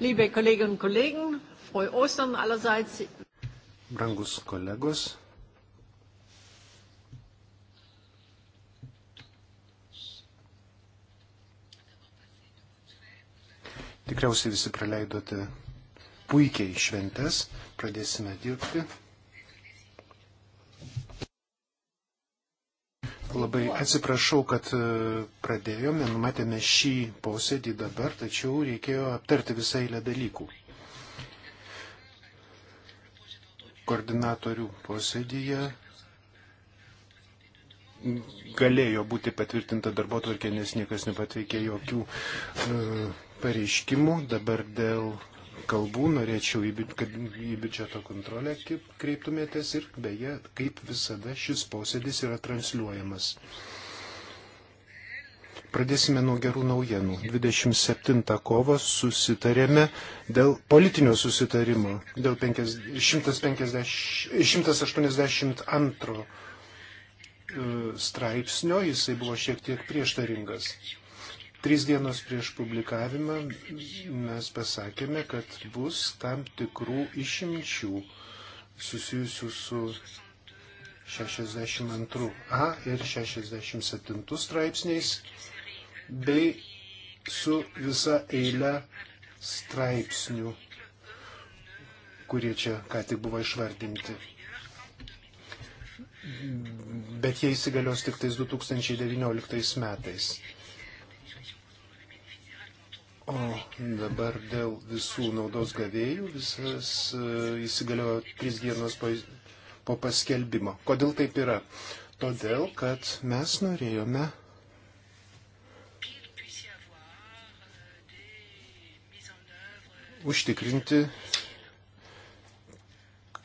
Liebe Kolleginnen und Kollegen, frohe Ostern allerseits. Brangus kolegos. Tikriausiai visi praleidote puikiai šventes, pradėsime dirbti. Labai atsiprašau, kad e, pradėjome, numatėme šį posėdį dabar, tačiau reikėjo aptarti visą eilę dalykų. Koordinatorių posėdyje galėjo būti patvirtinta darbo tvarkė, nes niekas nepateikė jokių e, pareiškimų. Dabar dėl kalbų, norėčiau į, kad į biudžeto kontrolę kreiptumėtės ir beje, kaip visada šis posėdis yra transliuojamas. Pradėsime nuo gerų naujienų. 27 kovo susitarėme dėl politinio susitarimo, dėl 50, 150, 182 straipsnio, jisai buvo šiek tiek prieštaringas. Trys dienos prieš publikavimą mes pasakėme, kad bus tam tikrų išimčių susijusių su 62a ir 67 straipsniais bei su visa eile straipsnių, kurie čia ką tik buvo išvardinti. Bet jie įsigalios tik tais 2019 metais. O dabar dėl visų naudos gavėjų visas e, įsigaliojo trys dienos po, po paskelbimo. Kodėl taip yra? Todėl, kad mes norėjome užtikrinti,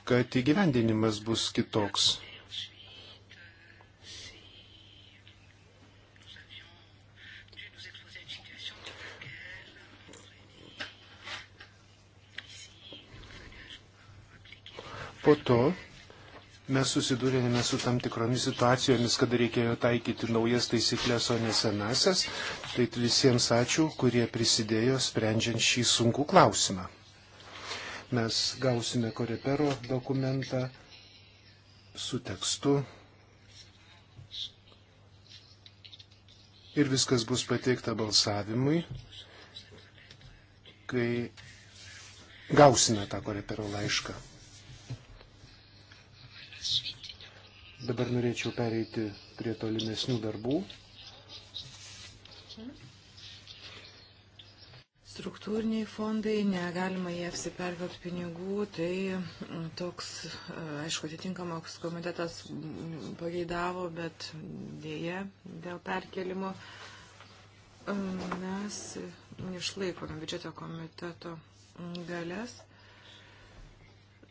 kad įgyvendinimas bus kitoks. Po to mes susidūrėme su tam tikromis situacijomis, kada reikėjo taikyti naujas taisyklės, o ne senasias. Tai visiems ačiū, kurie prisidėjo sprendžiant šį sunkų klausimą. Mes gausime korepero dokumentą su tekstu ir viskas bus pateikta balsavimui, kai gausime tą korepero laišką. Dabar norėčiau pereiti prie tolimesnių darbų. Struktūriniai fondai, negalima jie apsipervot pinigų, tai mm, toks, aišku, atitinkamas komitetas pageidavo, bet dėje dėl perkelimo mes išlaikome biudžeto komiteto galės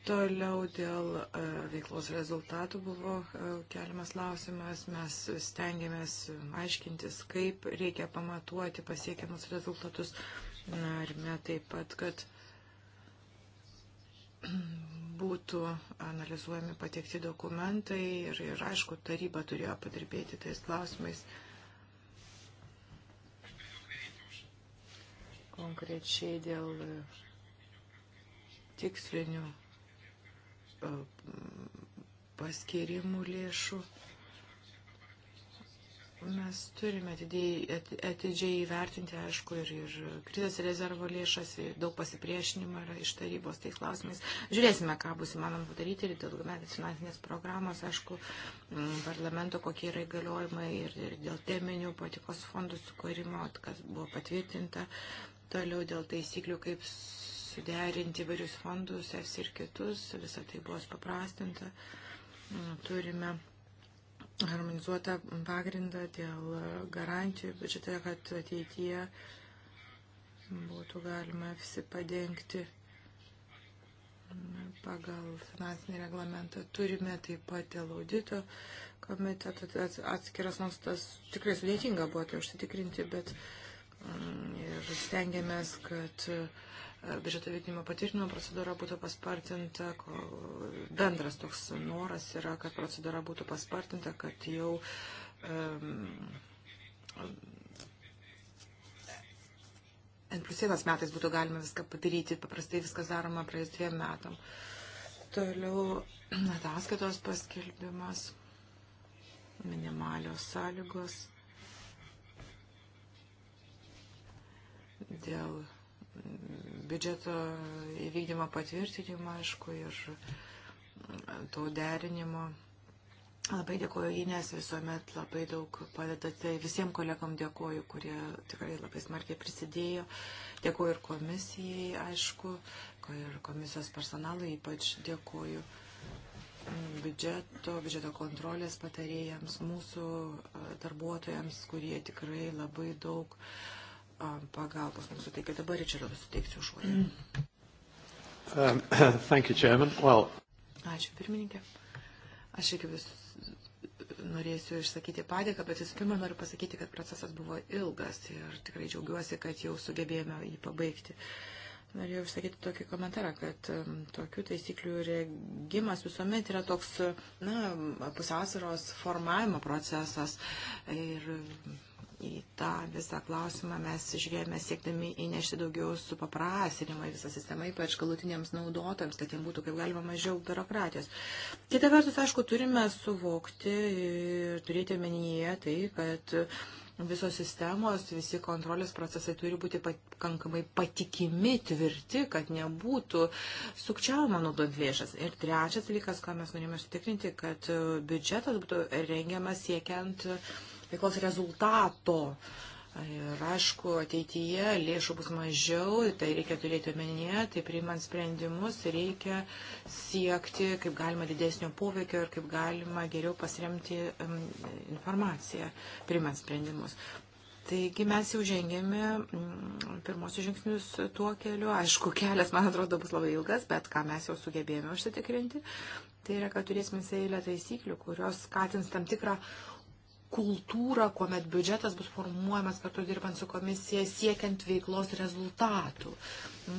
Toliau dėl e, veiklos rezultatų buvo e, keliamas klausimas. Mes stengiamės aiškintis, kaip reikia pamatuoti pasiekiamus rezultatus. Ar ne taip pat, kad būtų analizuojami patekti dokumentai ir, ir aišku, taryba turėjo padirbėti tais klausimais. Konkrečiai dėl e, tikslinių paskirimų lėšų. Mes turime atidžiai, atidžiai įvertinti, aišku, ir, ir krizės rezervo lėšas, daug pasipriešinimo yra iš tarybos tais klausimais. Žiūrėsime, ką bus įmanoma padaryti ir dėl ilgametės finansinės programos, aišku, parlamento kokie yra įgaliojimai ir, ir dėl teminių patikos fondų sukūrimo, kas buvo patvirtinta, toliau dėl taisyklių, kaip suderinti varius fondus, es ir kitus, visą tai buvo paprastinta. Mm, turime harmonizuotą pagrindą dėl garantijų biudžete, kad ateityje būtų galima visi padengti mm, pagal finansinį reglamentą. Turime taip pat dėl audito komiteto tai atskiras nuostas. Tikrai sudėtinga buvo tai užsitikrinti, bet mm, ir stengiamės, kad uh, biudžeto vykdymo patvirtinimo procedūra būtų paspartinta, bendras toks noras yra, kad procedūra būtų paspartinta, kad jau um, N plus 1 metais būtų galima viską padaryti, paprastai viskas daroma praėjus dviem metam. Toliau ataskaitos paskelbimas, minimalios sąlygos dėl biudžeto įvykdymo patvirtinimo, aišku, ir e, to derinimo. Labai dėkoju Inės, visuomet labai daug padedate. Visiems kolegom dėkoju, kurie tikrai labai smarkiai prisidėjo. Dėkoju ir komisijai, aišku, ir komisijos personalui ypač dėkoju mm, biudžeto, biudžeto kontrolės patarėjams, mūsų e, darbuotojams, kurie tikrai labai daug uh, pagalbos mums suteikia. Dabar Ričardui suteiksiu žodį. Um, thank you, Chairman. Well... Ačiū, pirmininkė. Aš iki vis norėsiu išsakyti padėką, bet visų pirma noriu pasakyti, kad procesas buvo ilgas ir tikrai džiaugiuosi, kad jau sugebėjome jį pabaigti. Norėjau išsakyti tokį komentarą, kad um, tokių taisyklių regimas visuomet yra toks, na, pusiausvėros formavimo procesas. Ir į tą visą klausimą mes žiūrėjome siekdami įnešti daugiau supaprastinimo į visą sistemą, ypač galutiniams naudotams, kad jiems būtų kaip galima mažiau biurokratijos. Kita vertus, aišku, turime suvokti ir turėti omenyje tai, kad visos sistemos, visi kontrolės procesai turi būti pakankamai patikimi, tvirti, kad nebūtų sukčiavimo naudojant lėšas. Ir trečias dalykas, ką mes norime sutikrinti, kad biudžetas būtų rengiamas siekiant uh, veiklos rezultato. Ir aišku, ateityje lėšų bus mažiau, tai reikia turėti omenyje, tai priimant sprendimus reikia siekti kaip galima didesnio poveikio ir kaip galima geriau pasiremti um, informaciją priimant sprendimus. Taigi mes jau žengėme mm, pirmosius žingsnius tuo keliu. Aišku, kelias, man atrodo, bus labai ilgas, bet ką mes jau sugebėjome užsitikrinti, tai yra, kad turėsime eilę taisyklių, kurios skatins tam tikrą kultūrą, kuomet biudžetas bus formuojamas kartu dirbant su komisija siekiant veiklos rezultatų.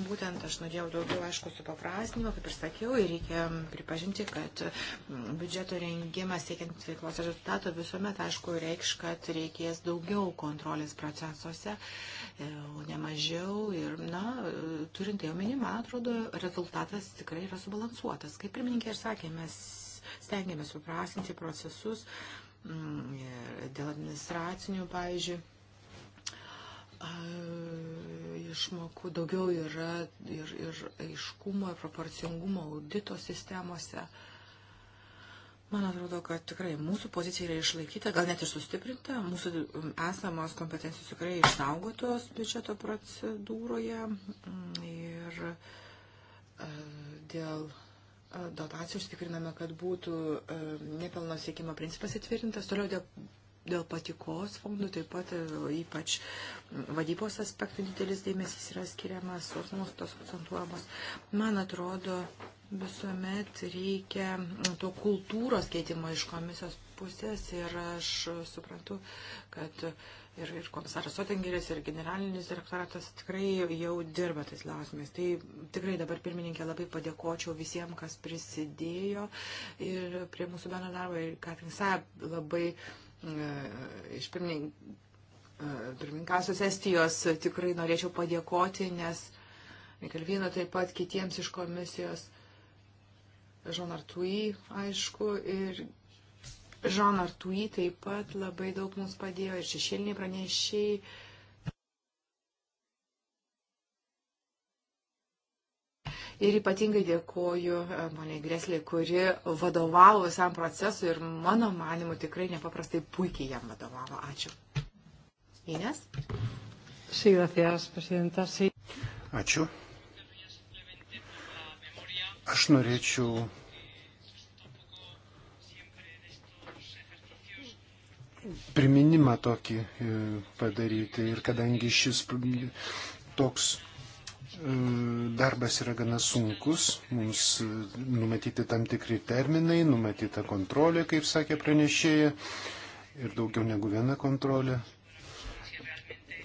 Būtent aš norėjau daugiau, aišku, supaprastinimo, kaip ir sakiau, ir reikia pripažinti, kad biudžeto rengimas siekiant veiklos rezultato visuomet, aišku, reikš, kad reikės daugiau kontrolės procesuose, e, o ne mažiau. Ir, na, turint tai omeny, man atrodo, rezultatas tikrai yra subalansuotas. Kaip pirmininkė ir sakė, mes stengiamės suprasinti procesus. Uh, Mm, e, dėl administracinių, pavyzdžiui, išmokų daugiau yra ir, ir aiškumo, ir proporcingumo audito sistemose. Man atrodo, kad tikrai mūsų pozicija yra išlaikyta, gal net ir sustiprinta, mūsų esamos kompetencijos tikrai išsaugotos biudžeto procedūroje mm, ir e, dėl dotacijų, užtikriname, kad būtų e, nepelno siekimo principas įtvirtintas. Toliau dėl, dėl patikos fondų taip pat e, ypač vadybos aspektų didelis dėmesys yra skiriamas, suosmos tos akcentuojamos. Man atrodo, visuomet reikia to kultūros keitimo iš komisijos pusės ir aš suprantu, kad uh, ir, ir komisaras Sotengeris, ir generalinis direktoratas tikrai jau dirba tais klausimais. Tai tikrai dabar pirmininkė labai padėkočiau visiems, kas prisidėjo ir prie mūsų bendro darbo ir Katrin Saab labai uh, iš e, pirmininkasios uh, Estijos tikrai norėčiau padėkoti, nes Mikalvino taip pat kitiems iš komisijos. Žonartui, aišku, ir Žan Artui taip pat labai daug mums padėjo ir šešėliniai pranešiai. Ir ypatingai dėkoju moniai e, Greslė, kuri vadovavo visam procesui ir mano manimu tikrai nepaprastai puikiai jam vadovavo. Ačiū. Ines? Sí, gracias, presidenta. Sí. Ačiū. Aš norėčiau priminimą tokį e, padaryti. Ir kadangi šis toks e, darbas yra gana sunkus, mums e, numatyti tam tikri terminai, numatyta kontrolė, kaip sakė pranešėja, ir daugiau negu viena kontrolė.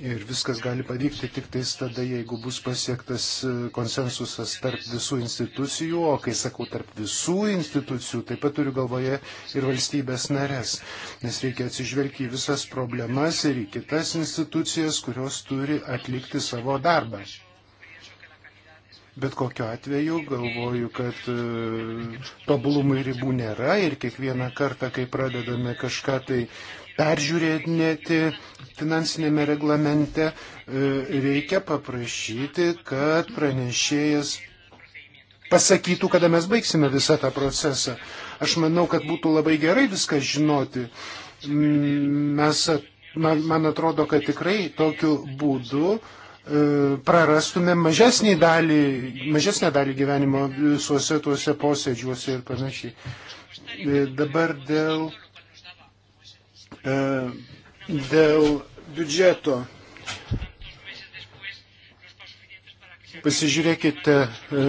Ir viskas gali pavykti tik tais tada, jeigu bus pasiektas e, konsensusas tarp visų institucijų, o kai sakau tarp visų institucijų, taip pat turiu galvoje ir valstybės narės, nes reikia atsižvelgti į visas problemas ir į kitas institucijas, kurios turi atlikti savo darbą. Bet kokiu atveju galvoju, kad e, tobulumui ribų nėra ir kiekvieną kartą, kai pradedame kažką tai uh, peržiūrėti finansinėme reglamente, e, reikia paprašyti, kad pranešėjas pasakytų, kada mes baigsime visą tą procesą. Aš manau, kad būtų labai gerai viską žinoti. Mm, mes, man, man atrodo, kad tikrai tokiu būdu e, prarastume mažesnį dalį, mažesnę dalį gyvenimo visuose tuose posėdžiuose ir panašiai. E, dabar dėl E, dėl biudžeto. Pasižiūrėkite, e,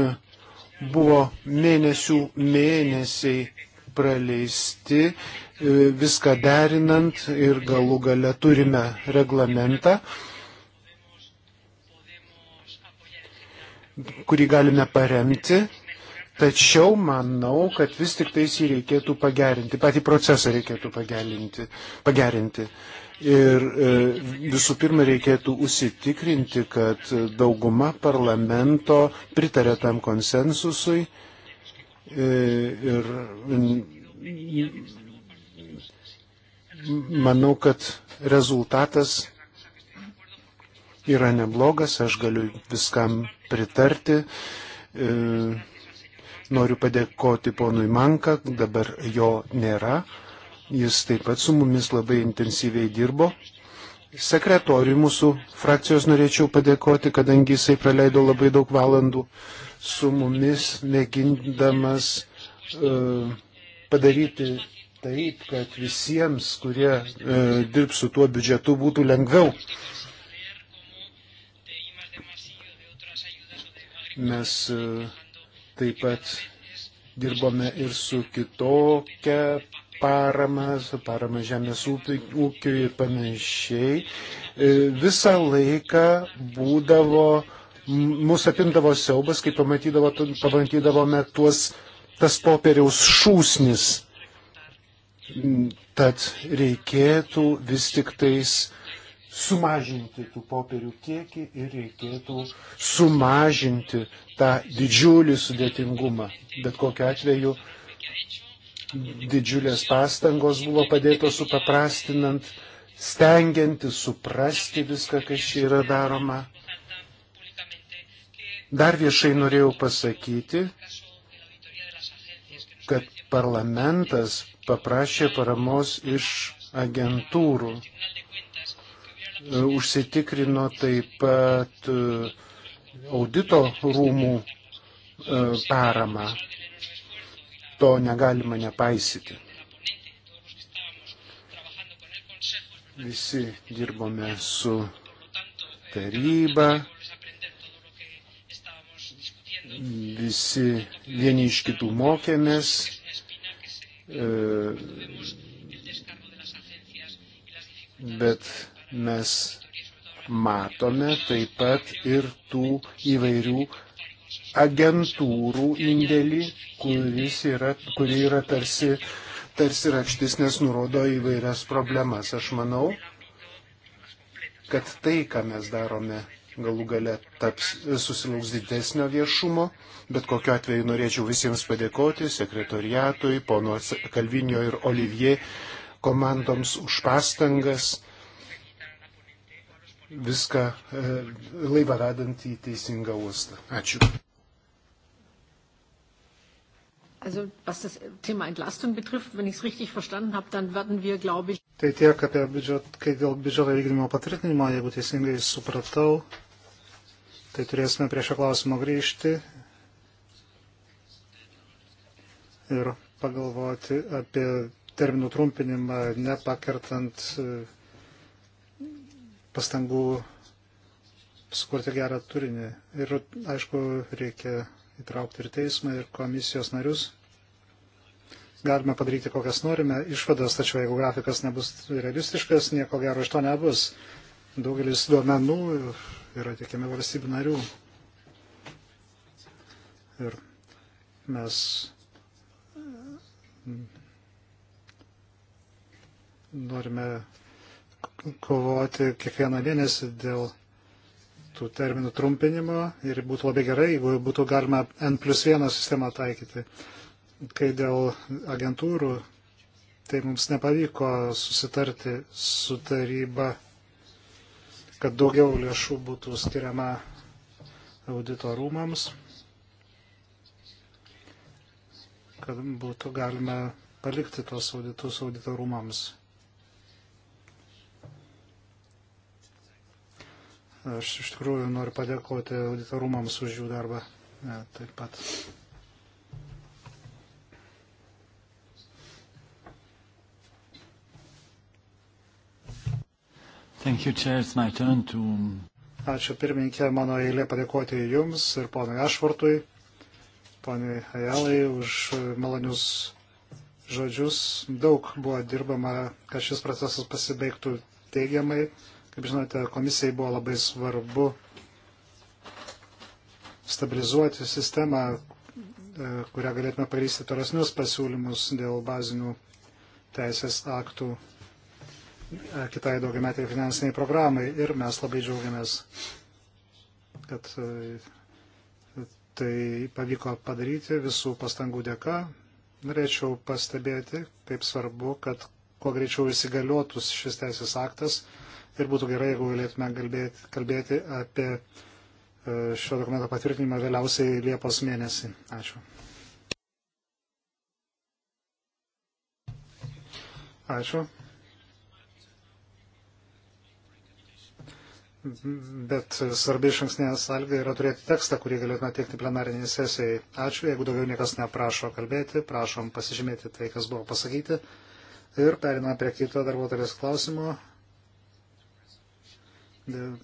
buvo mėnesių mėnesiai praleisti, e, viską derinant ir galų gale turime reglamentą, kurį galime paremti Tačiau manau, kad vis tik tais jį reikėtų pagerinti, patį procesą reikėtų pagerinti. pagerinti. Ir e, visų pirma reikėtų užsitikrinti, kad dauguma parlamento pritarė tam konsensusui e, ir manau, kad rezultatas yra neblogas, aš galiu viskam pritarti. E, Noriu padėkoti ponui Manka, dabar jo nėra. Jis taip pat su mumis labai intensyviai dirbo. Sekretoriui mūsų frakcijos norėčiau padėkoti, kadangi jisai praleido labai daug valandų su mumis, mėgindamas uh, padaryti taip, kad visiems, kurie e, dirbs su tuo biudžetu, būtų lengviau. Mes e, Taip pat dirbome ir su kitokia parama, su parama žemės ūkiui ir panašiai. E, visą laiką būdavo, mūsų apimdavo siaubas, kai pamatydavome tuos, tas popieriaus šūsnis. Tad reikėtų vis tik tais sumažinti tų popierių kiekį ir reikėtų sumažinti tą didžiulį sudėtingumą. Bet kokiu atveju didžiulės pastangos buvo padėtos supaprastinant, stengianti suprasti viską, kas čia yra daroma. Dar viešai norėjau pasakyti, kad parlamentas paprašė paramos iš agentūrų užsitikrino taip pat e, audito rūmų e, paramą. To negalima nepaisyti. Visi dirbome su taryba, visi vieni iš kitų mokėmės. E, bet mes matome taip pat ir tų įvairių agentūrų indėlį, kuris yra, kuri yra tarsi, tarsi rakštis, nes nurodo įvairias problemas. Aš manau, kad tai, ką mes darome, galų gale taps, susilauks didesnio viešumo, bet kokiu atveju norėčiau visiems padėkoti sekretoriatui, pono Kalvinio ir Olivier komandoms už pastangas viską e, laivą vedant į teisingą uostą. Ačiū. Also was das Thema Entlastung betrifft, wenn ich es richtig verstanden habe, dann werden wir, glaube ich. Tai tiek apie biudžetą, kai dėl biudžeto vykdymo patvirtinimo, jeigu teisingai supratau, tai turėsime prie šio klausimo grįžti ir pagalvoti apie terminų trumpinimą, nepakertant e, pastangų sukurti gerą turinį. Ir aišku, reikia įtraukti ir teismą, ir komisijos narius. Galime padaryti kokias norime išvadas, tačiau jeigu grafikas nebus realistiškas, nieko gero iš to nebus. Daugelis duomenų yra tiekiami valstybių narių. Ir mes mm, norime kovoti kiekvieną mėnesį dėl tų terminų trumpinimo ir būtų labai gerai, jeigu būtų galima N plus 1 sistemą taikyti. Kai dėl agentūrų, tai mums nepavyko susitarti su taryba, kad daugiau lėšų būtų skiriama auditorumams, kad būtų galima palikti tos auditus auditorumams. Aš iš tikrųjų noriu padėkoti auditorumams už jų darbą ja, e, taip pat. Thank you, Chair. It's my turn to... Ačiū pirmininkė, mano eilė padėkoti Jums ir ponui Ašvartui, ponui Ajalai už malonius žodžius. Daug buvo dirbama, kad šis procesas pasibaigtų teigiamai Kaip žinote, komisijai buvo labai svarbu stabilizuoti sistemą, e, kurią galėtume parysti tolesnius pasiūlymus dėl bazinių teisės aktų e, kitai daugiametiai finansiniai programai. Ir mes labai džiaugiamės, kad e, tai pavyko padaryti visų pastangų dėka. Norėčiau pastebėti, kaip svarbu, kad kuo greičiau įsigaliotus šis teisės aktas Ir būtų gerai, jeigu galėtume kalbėti, kalbėti apie e, šio dokumento patvirtinimą vėliausiai Liepos mėnesį. Ačiū. Ačiū. Bet svarbi išankstinė sąlyga yra turėti tekstą, kurį galėtume teikti plenariniai sesijai. Ačiū, jeigu daugiau niekas neprašo kalbėti, prašom pasižymėti tai, kas buvo pasakyti. Ir periname prie kito darbuotojas klausimo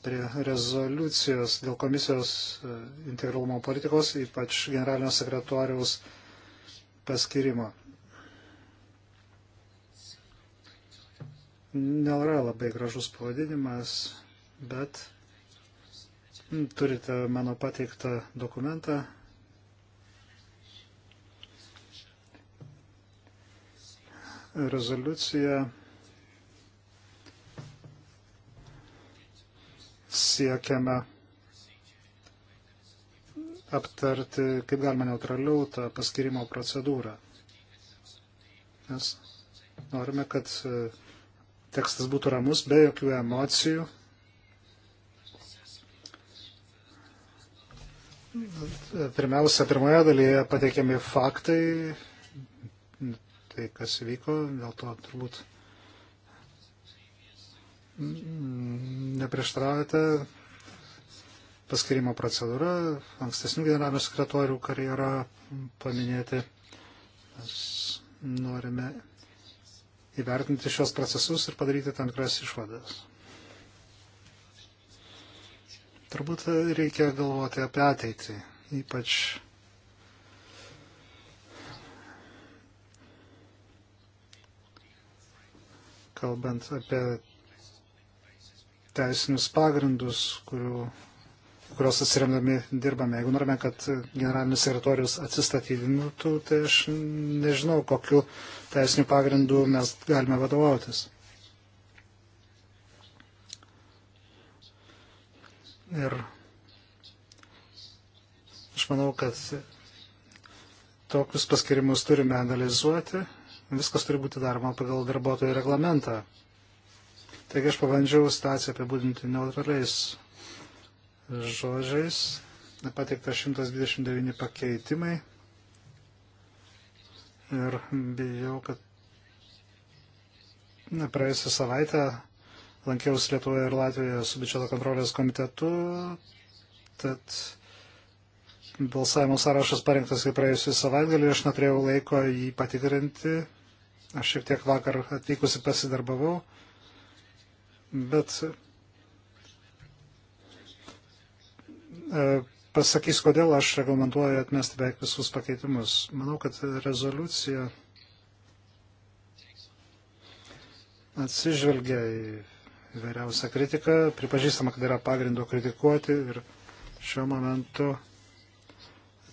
prie rezoliucijos dėl komisijos e, integralumo politikos, ypač generalinio sekretoriaus paskirimo. Nėra labai gražus pavadinimas, bet hmm, turite mano pateiktą dokumentą. Rezoliucija siekiame aptarti, kaip galima neutraliau tą paskirimo procedūrą. Mes norime, kad e, tekstas būtų ramus, be jokių emocijų. Pirmiausia, pirmoje dalyje pateikiami faktai, tai kas vyko, dėl to turbūt neprieštaraujate, paskirimo procedūra, ankstesnių generalinių sekretorių karjera paminėti. Mes norime įvertinti šios procesus ir padaryti tam tikras išvadas. Turbūt reikia galvoti apie ateitį, ypač kalbant apie teisinius pagrindus, kurių, kurios atsiremdami dirbame. Jeigu norime, kad generalinis sekretorius atsistatydintų, tai aš nežinau, kokiu teisiniu pagrindu mes galime vadovautis. Ir aš manau, kad tokius paskirimus turime analizuoti. Viskas turi būti daroma pagal darbuotojų reglamentą. Taigi aš pabandžiau situaciją apibūdinti neutraliais žodžiais. Pateikta 129 pakeitimai. Ir bijau, kad praėjusią savaitę lankiausi Lietuvoje ir Latvijoje su biudžeto kontrolės komitetu. Tad balsavimo sąrašas parengtas kaip praėjusią savaitgalį, aš neturėjau laiko jį patikrinti. Aš šiek tiek vakar atvykusi pasidarbavau bet e, pasakys, kodėl aš reglamentuoju atmesti beveik visus pakeitimus. Manau, kad rezoliucija atsižvelgia į vairiausią kritiką, pripažįstama, kad yra pagrindo kritikuoti ir šiuo momentu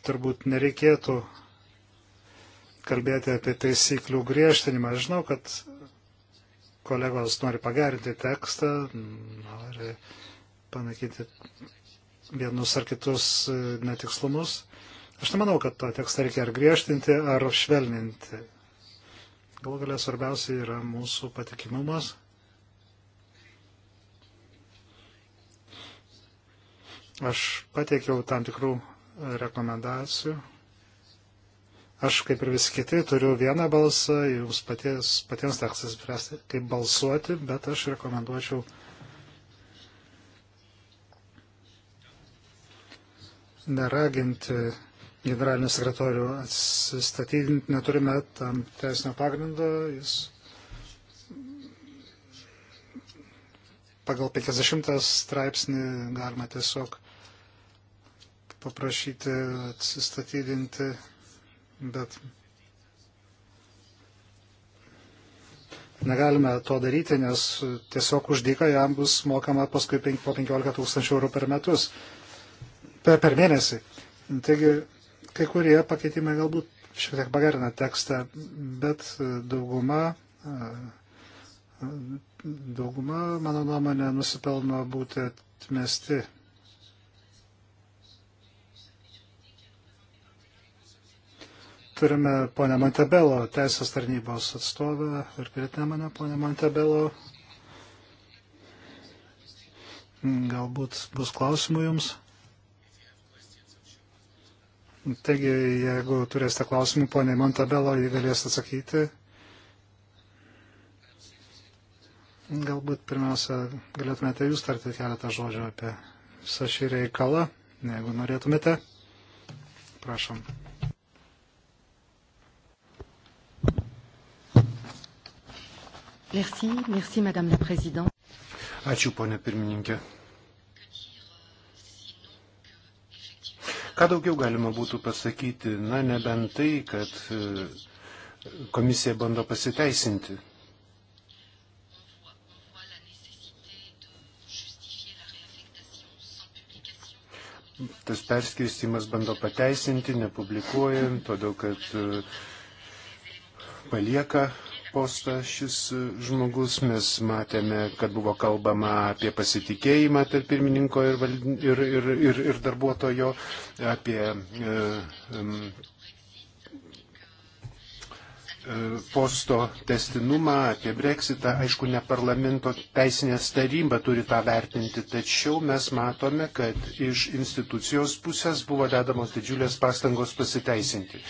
turbūt nereikėtų kalbėti apie taisyklių griežtinimą. Aš žinau, kad kolegos nori pagerinti tekstą, nori panaikinti vienus ar kitus e, netikslumus. Aš nemanau, kad tą tekstą reikia ar griežtinti, ar švelninti. Galų galia svarbiausia yra mūsų patikimumas. Aš pateikiau tam tikrų rekomendacijų Aš, kaip ir visi kiti, turiu vieną balsą, jums paties, patiems teks spręsti, kaip balsuoti, bet aš rekomenduočiau neraginti generalinių sekretorių atsistatydinti, neturime tam teisinio pagrindo, jis pagal 50 straipsnį galima tiesiog paprašyti atsistatydinti bet negalime to daryti, nes tiesiog už dyką jam bus mokama paskui po 15 tūkstančių eurų per metus, per, per mėnesį. Taigi, kai kurie pakeitimai galbūt šiek tiek pagerina tekstą, bet dauguma, dauguma mano nuomonė, nusipelno būti atmesti. turime ponę Montebelo, teisės tarnybos atstovę ir turite mane, ponę Montebelo. Galbūt bus klausimų jums. Taigi, jeigu turėsite klausimų, ponė Montabelo, jį galės atsakyti. Galbūt pirmiausia, galėtumėte jūs tarti keletą žodžių apie visą šį reikalą, jeigu norėtumėte. Prašom. Merci, merci, Madame la Présidente. Ačiū, ponė pirmininkė. Ką daugiau galima būtų pasakyti, na nebent tai, kad e, komisija bando pasiteisinti. Tas perskirstimas bando pateisinti, nepublikuojant, todėl kad e, palieka postą šis žmogus. Mes matėme, kad buvo kalbama apie pasitikėjimą tarp pirmininko ir, vald... ir, ir, ir, ir darbuotojo, apie e, e, posto testinumą, apie breksitą. Aišku, ne parlamento teisinės taryba turi tą vertinti, tačiau mes matome, kad iš institucijos pusės buvo dedamos didžiulės pastangos pasiteisinti.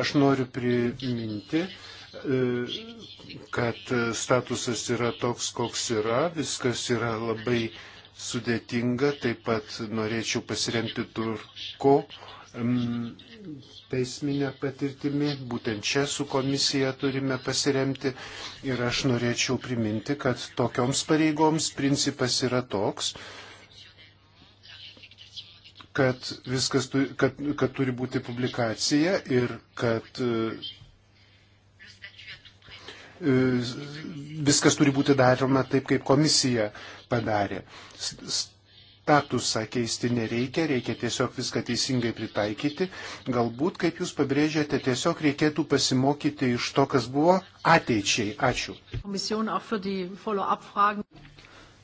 Aš noriu priminti, E, kad statusas yra toks, koks yra, viskas yra labai sudėtinga, taip pat norėčiau pasiremti turko teisminę patirtimį, būtent čia su komisija turime pasiremti ir aš norėčiau priminti, kad tokioms pareigoms principas yra toks, kad, viskas, kad, kad turi būti publikacija ir kad E, viskas turi būti daroma taip, kaip komisija padarė. Statusą keisti nereikia, reikia tiesiog viską teisingai pritaikyti. Galbūt, kaip jūs pabrėžėte, tiesiog reikėtų pasimokyti iš to, kas buvo ateičiai. Ačiū.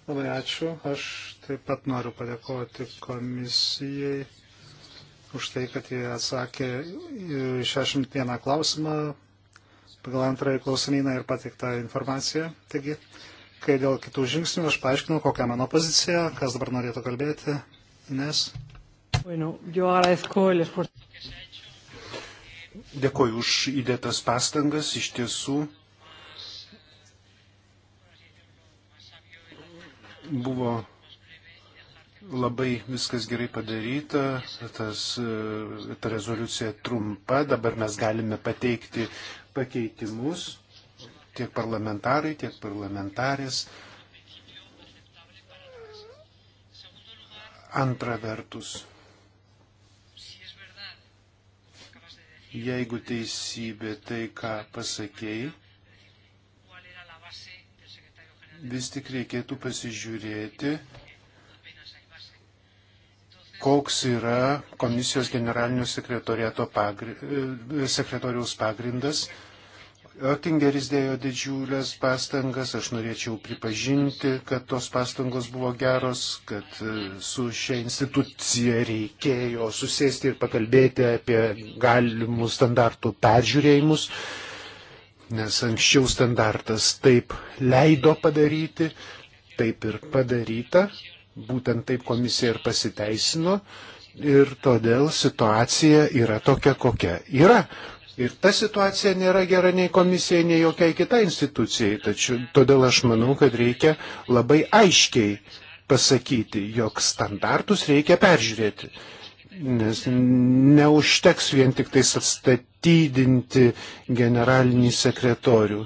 Labai ačiū. Aš taip pat noriu padėkoti komisijai už tai, kad jie atsakė 61 klausimą pagal antrąjį klausimyną ir patiktą informaciją. Taigi, kai dėl kitų žingsnių aš paaiškinau, kokia mano pozicija, kas dabar norėtų kalbėti, nes. Bueno, Dėkoju už įdėtas pastangas, iš tiesų buvo labai viskas gerai padaryta, tas, e, ta rezoliucija trumpa, dabar mes galime pateikti pakeitimus tiek parlamentarai, tiek parlamentarės. Antra vertus, jeigu teisybė tai, ką pasakėjai, vis tik reikėtų pasižiūrėti, koks yra komisijos generalinio pagri, e, sekretoriaus pagrindas. Oettingeris dėjo didžiulės pastangas, aš norėčiau pripažinti, kad tos pastangos buvo geros, kad e, su šia institucija reikėjo susėsti ir pakalbėti apie galimų standartų peržiūrėjimus, nes anksčiau standartas taip leido padaryti, taip ir padaryta, būtent taip komisija ir pasiteisino ir todėl situacija yra tokia, kokia yra. Ir ta situacija nėra gera nei komisijai, nei jokiai kitai institucijai. Tačiau todėl aš manau, kad reikia labai aiškiai pasakyti, jog standartus reikia peržiūrėti. Nes neužteks vien tik tais atstatydinti generalinį sekretorių.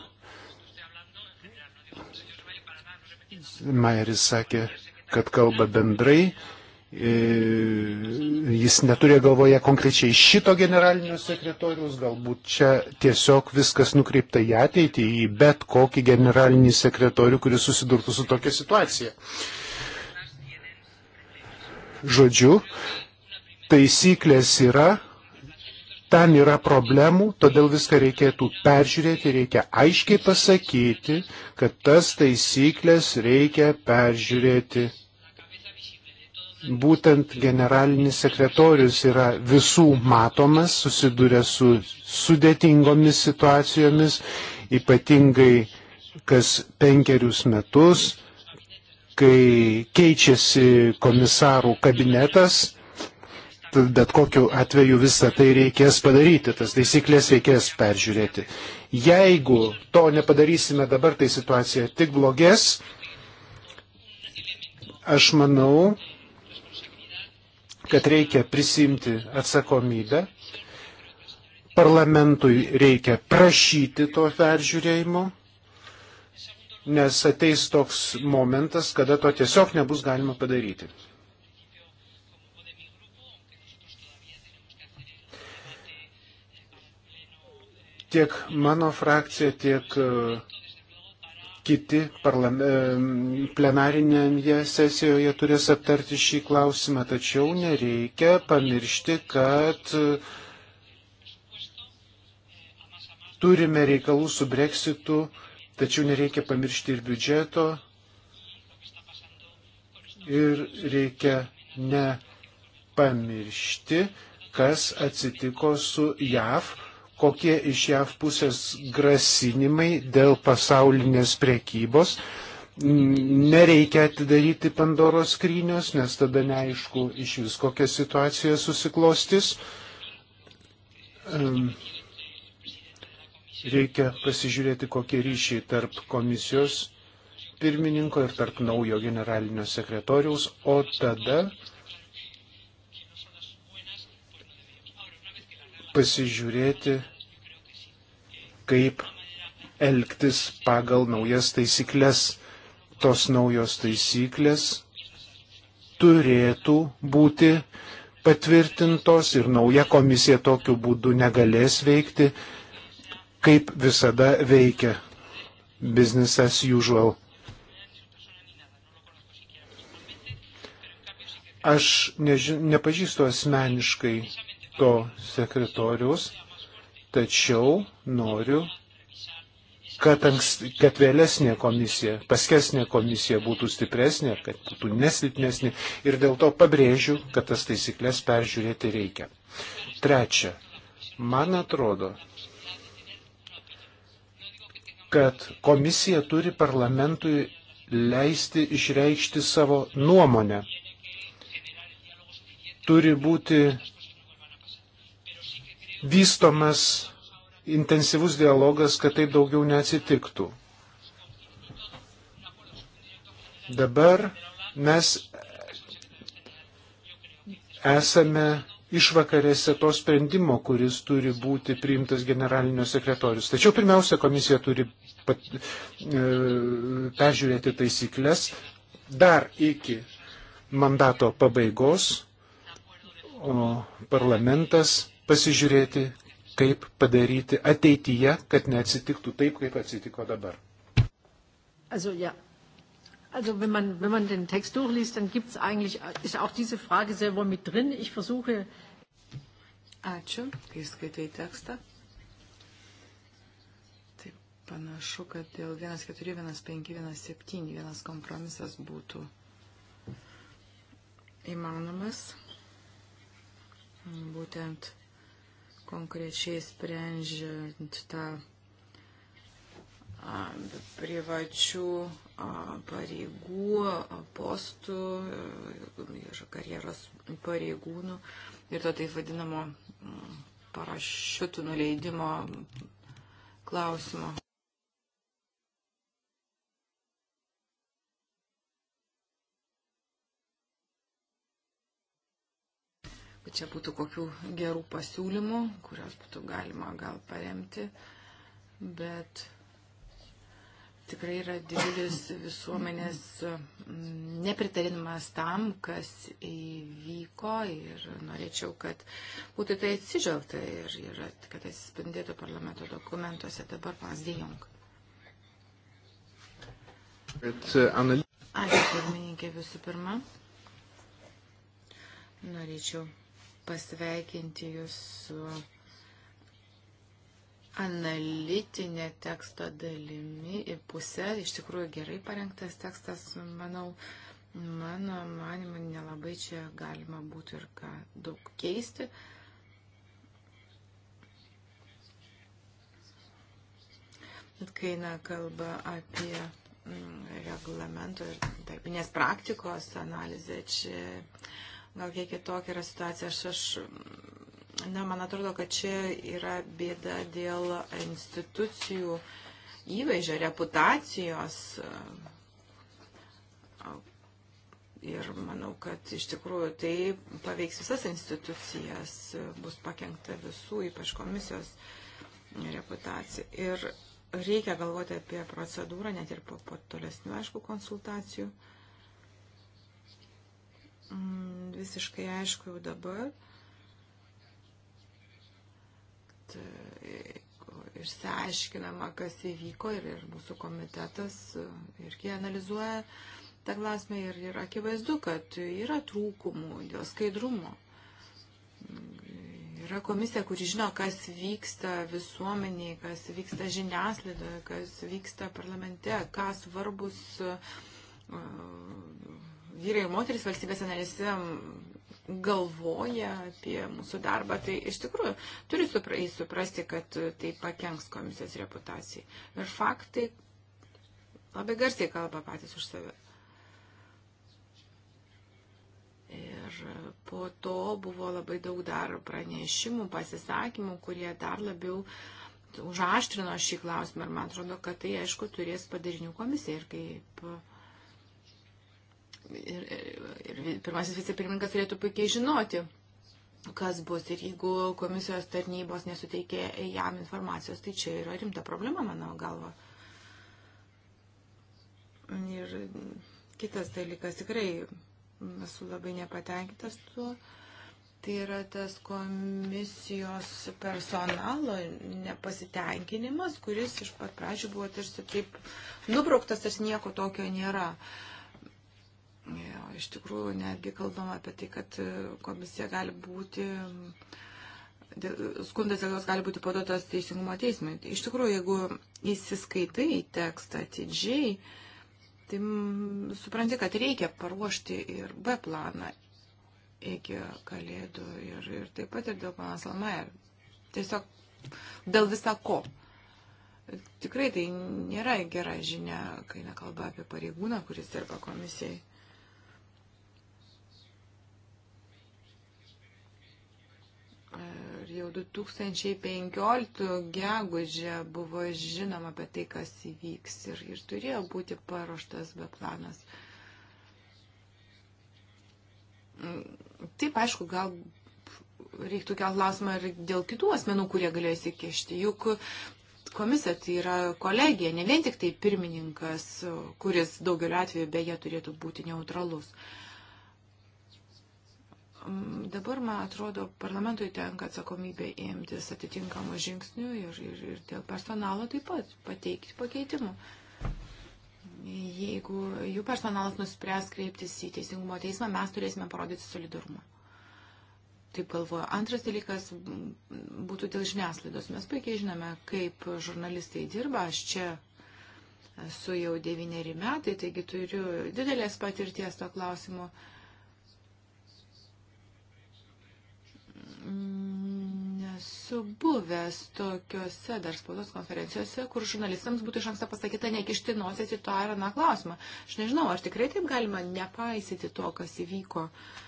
Maeris sakė, kad kalba bendrai. E, jis neturėjo galvoje konkrečiai šito generalinio sekretoriaus, galbūt čia tiesiog viskas nukreipta į ateitį, į bet kokį generalinį sekretorių, kuris susidurtų su tokia situacija. Žodžiu, taisyklės yra, ten yra problemų, todėl viską reikėtų peržiūrėti, reikia aiškiai pasakyti, kad tas taisyklės reikia peržiūrėti būtent generalinis sekretorius yra visų matomas, susiduria su sudėtingomis situacijomis, ypatingai kas penkerius metus, kai keičiasi komisarų kabinetas, bet kokiu atveju visą tai reikės padaryti, tas taisyklės reikės peržiūrėti. Jeigu to nepadarysime dabar, tai situacija tik blogės. Aš manau, kad reikia prisimti atsakomybę, parlamentui reikia prašyti to peržiūrėjimo, nes ateis toks momentas, kada to tiesiog nebus galima padaryti. Tiek mano frakcija, tiek uh, kiti plenarinėje sesijoje turės aptarti šį klausimą, tačiau nereikia pamiršti, kad turime reikalų su breksitu, tačiau nereikia pamiršti ir biudžeto ir reikia nepamiršti, kas atsitiko su JAV kokie iš JAV pusės grasinimai dėl pasaulinės priekybos. Mm, nereikia atidaryti Pandoros skrynios, nes tada neaišku iš vis kokia situacija susiklostys. Reikia pasižiūrėti, kokie ryšiai tarp komisijos pirmininko ir tarp naujo generalinio sekretoriaus, o tada pasižiūrėti, kaip elgtis pagal naujas taisyklės. Tos naujos taisyklės turėtų būti patvirtintos ir nauja komisija tokiu būdu negalės veikti, kaip visada veikia business as usual. Aš neži, nepažįstu asmeniškai to sekretoriaus, tačiau noriu, kad, ankst, kad vėlesnė komisija, paskesnė komisija būtų stipresnė, kad būtų nesilpnesnė ir dėl to pabrėžiu, kad tas taisyklės peržiūrėti reikia. Trečia, man atrodo, kad komisija turi parlamentui leisti išreikšti savo nuomonę. Turi būti vystomas intensyvus dialogas, kad taip daugiau neatsitiktų. Dabar mes esame išvakarėse to sprendimo, kuris turi būti priimtas generalinio sekretorius. Tačiau pirmiausia, komisija turi pat, e, peržiūrėti taisyklės dar iki mandato pabaigos, o parlamentas pasižiūrėti, kaip padaryti ateityje, kad neatsitiktų taip, kaip atsitiko dabar. Also, ja. Also wenn man, wenn man den Text durchliest, dann gibt's eigentlich, ist auch diese Frage selber mit drin. Ich versuche. Ačiū, kai skaitai tekstą. Taip, panašu, kad dėl 1.4, 1.5, 1.7 vienas kompromisas būtų įmanomas. Būtent konkrečiai sprendžiant tą privačių pareigų, postų e, ir karjeros pareigūnų ir to taip vadinamo parašiutų nuleidimo klausimo. kad čia būtų kokių gerų pasiūlymų, kurios būtų galima gal paremti, bet tikrai yra didelis visuomenės mm, nepritarimas tam, kas įvyko ir norėčiau, kad būtų tai atsižvelgta ir, ir kad tai atsispindėtų parlamento dokumentuose dabar pas Dėjong. E, Ačiū, pirmininkė, visų pirma. Norėčiau pasveikinti jūs su analitinė teksto dalimi ir pusė. Iš tikrųjų gerai parengtas tekstas, manau, mano manimu, nelabai čia galima būtų ir ką daug keisti. Bet kai na, kalba apie mm, reglamento ir darbinės praktikos analizę, čia gal kiek kitokia yra situacija. Aš, aš, na, man atrodo, kad čia yra bėda dėl institucijų įvaizdžio, reputacijos. Ir manau, kad iš tikrųjų tai paveiks visas institucijas, bus pakengta visų, ypač komisijos reputacija. Ir reikia galvoti apie procedūrą, net ir po, po tolesnių, aišku, konsultacijų. Uh, Mm, visiškai aišku jau dabar, e, išsiaiškinama, kas įvyko ir, ir mūsų komitetas e, irgi analizuoja tą klausimą ir, ir akivaizdu, kad yra trūkumų dėl skaidrumo. Yra komisija, kuri žino, kas vyksta visuomeniai, kas vyksta žiniaslaidoje, kas vyksta parlamente, kas svarbus uh, vyrai ir moteris valstybėse narėse galvoja apie mūsų darbą, tai iš tikrųjų turi suprasti, kad tai pakenks komisijos reputacijai. Ir faktai labai garsiai kalba patys už save. Ir po to buvo labai daug dar pranešimų, pasisakymų, kurie dar labiau užaštrino šį klausimą ir man atrodo, kad tai aišku turės padarinių komisija ir kaip ir, ir, ir pirmasis vicepirmininkas turėtų puikiai žinoti, kas bus. Ir jeigu komisijos tarnybos nesuteikė jam informacijos, tai čia yra rimta problema, mano galva. Ir kitas dalykas, tikrai esu labai nepatenkintas tuo. Tai yra tas komisijos personalo nepasitenkinimas, kuris iš pat pradžių buvo tarsi taip nubrauktas, tarsi nieko tokio nėra. Uh, Iš tikrųjų, netgi kalbama apie tai, kad e, komisija gali būti, skundas dėl jos gali būti paduotas teisingumo teismui. Iš tikrųjų, jeigu įsiskaitai į tekstą atidžiai, tai supranti, kad reikia paruošti ir B planą iki kalėdų ir, ir taip pat ir dėl panas Almair. Tiesiog dėl visa ko. Tikrai tai nėra gera žinia, kai nekalba apie pareigūną, kuris dirba komisijai. jau 2015 gegužė buvo žinoma apie tai, kas įvyks ir, ir turėjo būti paruoštas be planas. Mm, taip, aišku, gal reiktų kelti klausimą ir dėl kitų asmenų, kurie galėjo įsikešti. Juk komisija tai yra kolegija, ne vien tik tai pirmininkas, kuris daugeliu atveju beje turėtų būti neutralus. Uh, Mm, dabar, man atrodo, parlamentui tenka atsakomybė imtis atitinkamų žingsnių ir, ir, ir dėl personalo taip pat pateikti pakeitimų. Jeigu jų personalas nuspręs kreiptis į Teisingumo teismą, mes turėsime parodyti solidarumą. Taip galvoju. Antras dalykas mm, būtų dėl žiniasklaidos. Mes puikiai žinome, kaip žurnalistai dirba. Aš čia esu jau devyneri metai, taigi turiu didelės patirties to klausimu. Uh, Mm, nesu buvęs tokiuose dar spaudos konferencijose, kur žurnalistams būtų iš anksto pasakyta nekišti nosies į tą ar aną klausimą. Aš nežinau, ar tikrai taip galima nepaisyti to, kas įvyko. Uh,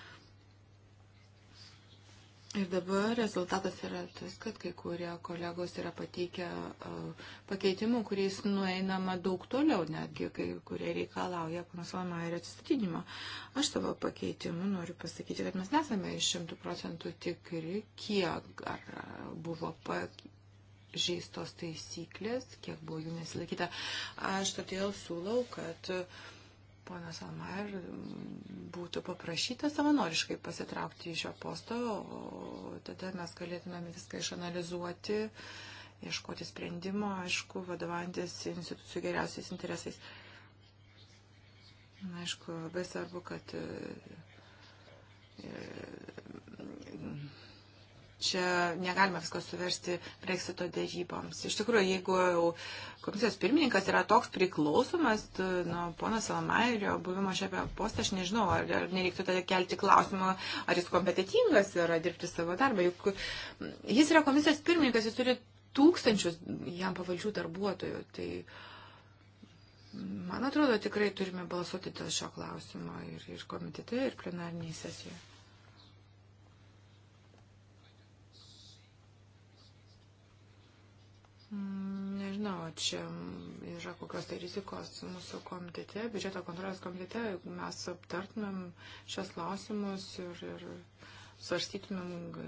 Ir dabar rezultatas yra tas, kad kai kurie kolegos yra pateikę pakeitimų, kuriais nueinama daug toliau, netgi kai kurie reikalauja panasojama ir atsistatydimo. Aš savo pakeitimu noriu pasakyti, kad mes nesame iš šimtų procentų tikri, kiek buvo pažeistos taisyklės, kiek buvo jų nesilaikyta. Aš todėl siūlau, kad uh, ponas Almair mm, būtų paprašytas savanoriškai pasitraukti iš šio posto, o tada mes galėtumėm viską išanalizuoti, ieškoti sprendimo, aišku, vadovantis institucijų geriausiais interesais. Na, aišku, labai svarbu, kad e, e, čia negalime visko suversti breksito dėryboms. Iš tikrųjų, jeigu komisijos pirmininkas yra toks priklausomas nuo pono Salamairio buvimo šiame poste, aš nežinau, ar, ar nereiktų tada kelti klausimą, ar jis kompetitingas yra dirbti savo darbą. Juk jis yra komisijos pirmininkas, jis turi tūkstančius jam pavaldžių darbuotojų. Tai, man atrodo, tikrai turime balsuoti dėl šio klausimo ir, ir komitete, ir plenarnėje sesijoje. Mm, nežinau, čia yra kokios tai rizikos mūsų komitete, biudžeto kontrolės komitete, mes aptartumėm šios klausimus ir, ir svarstytumėm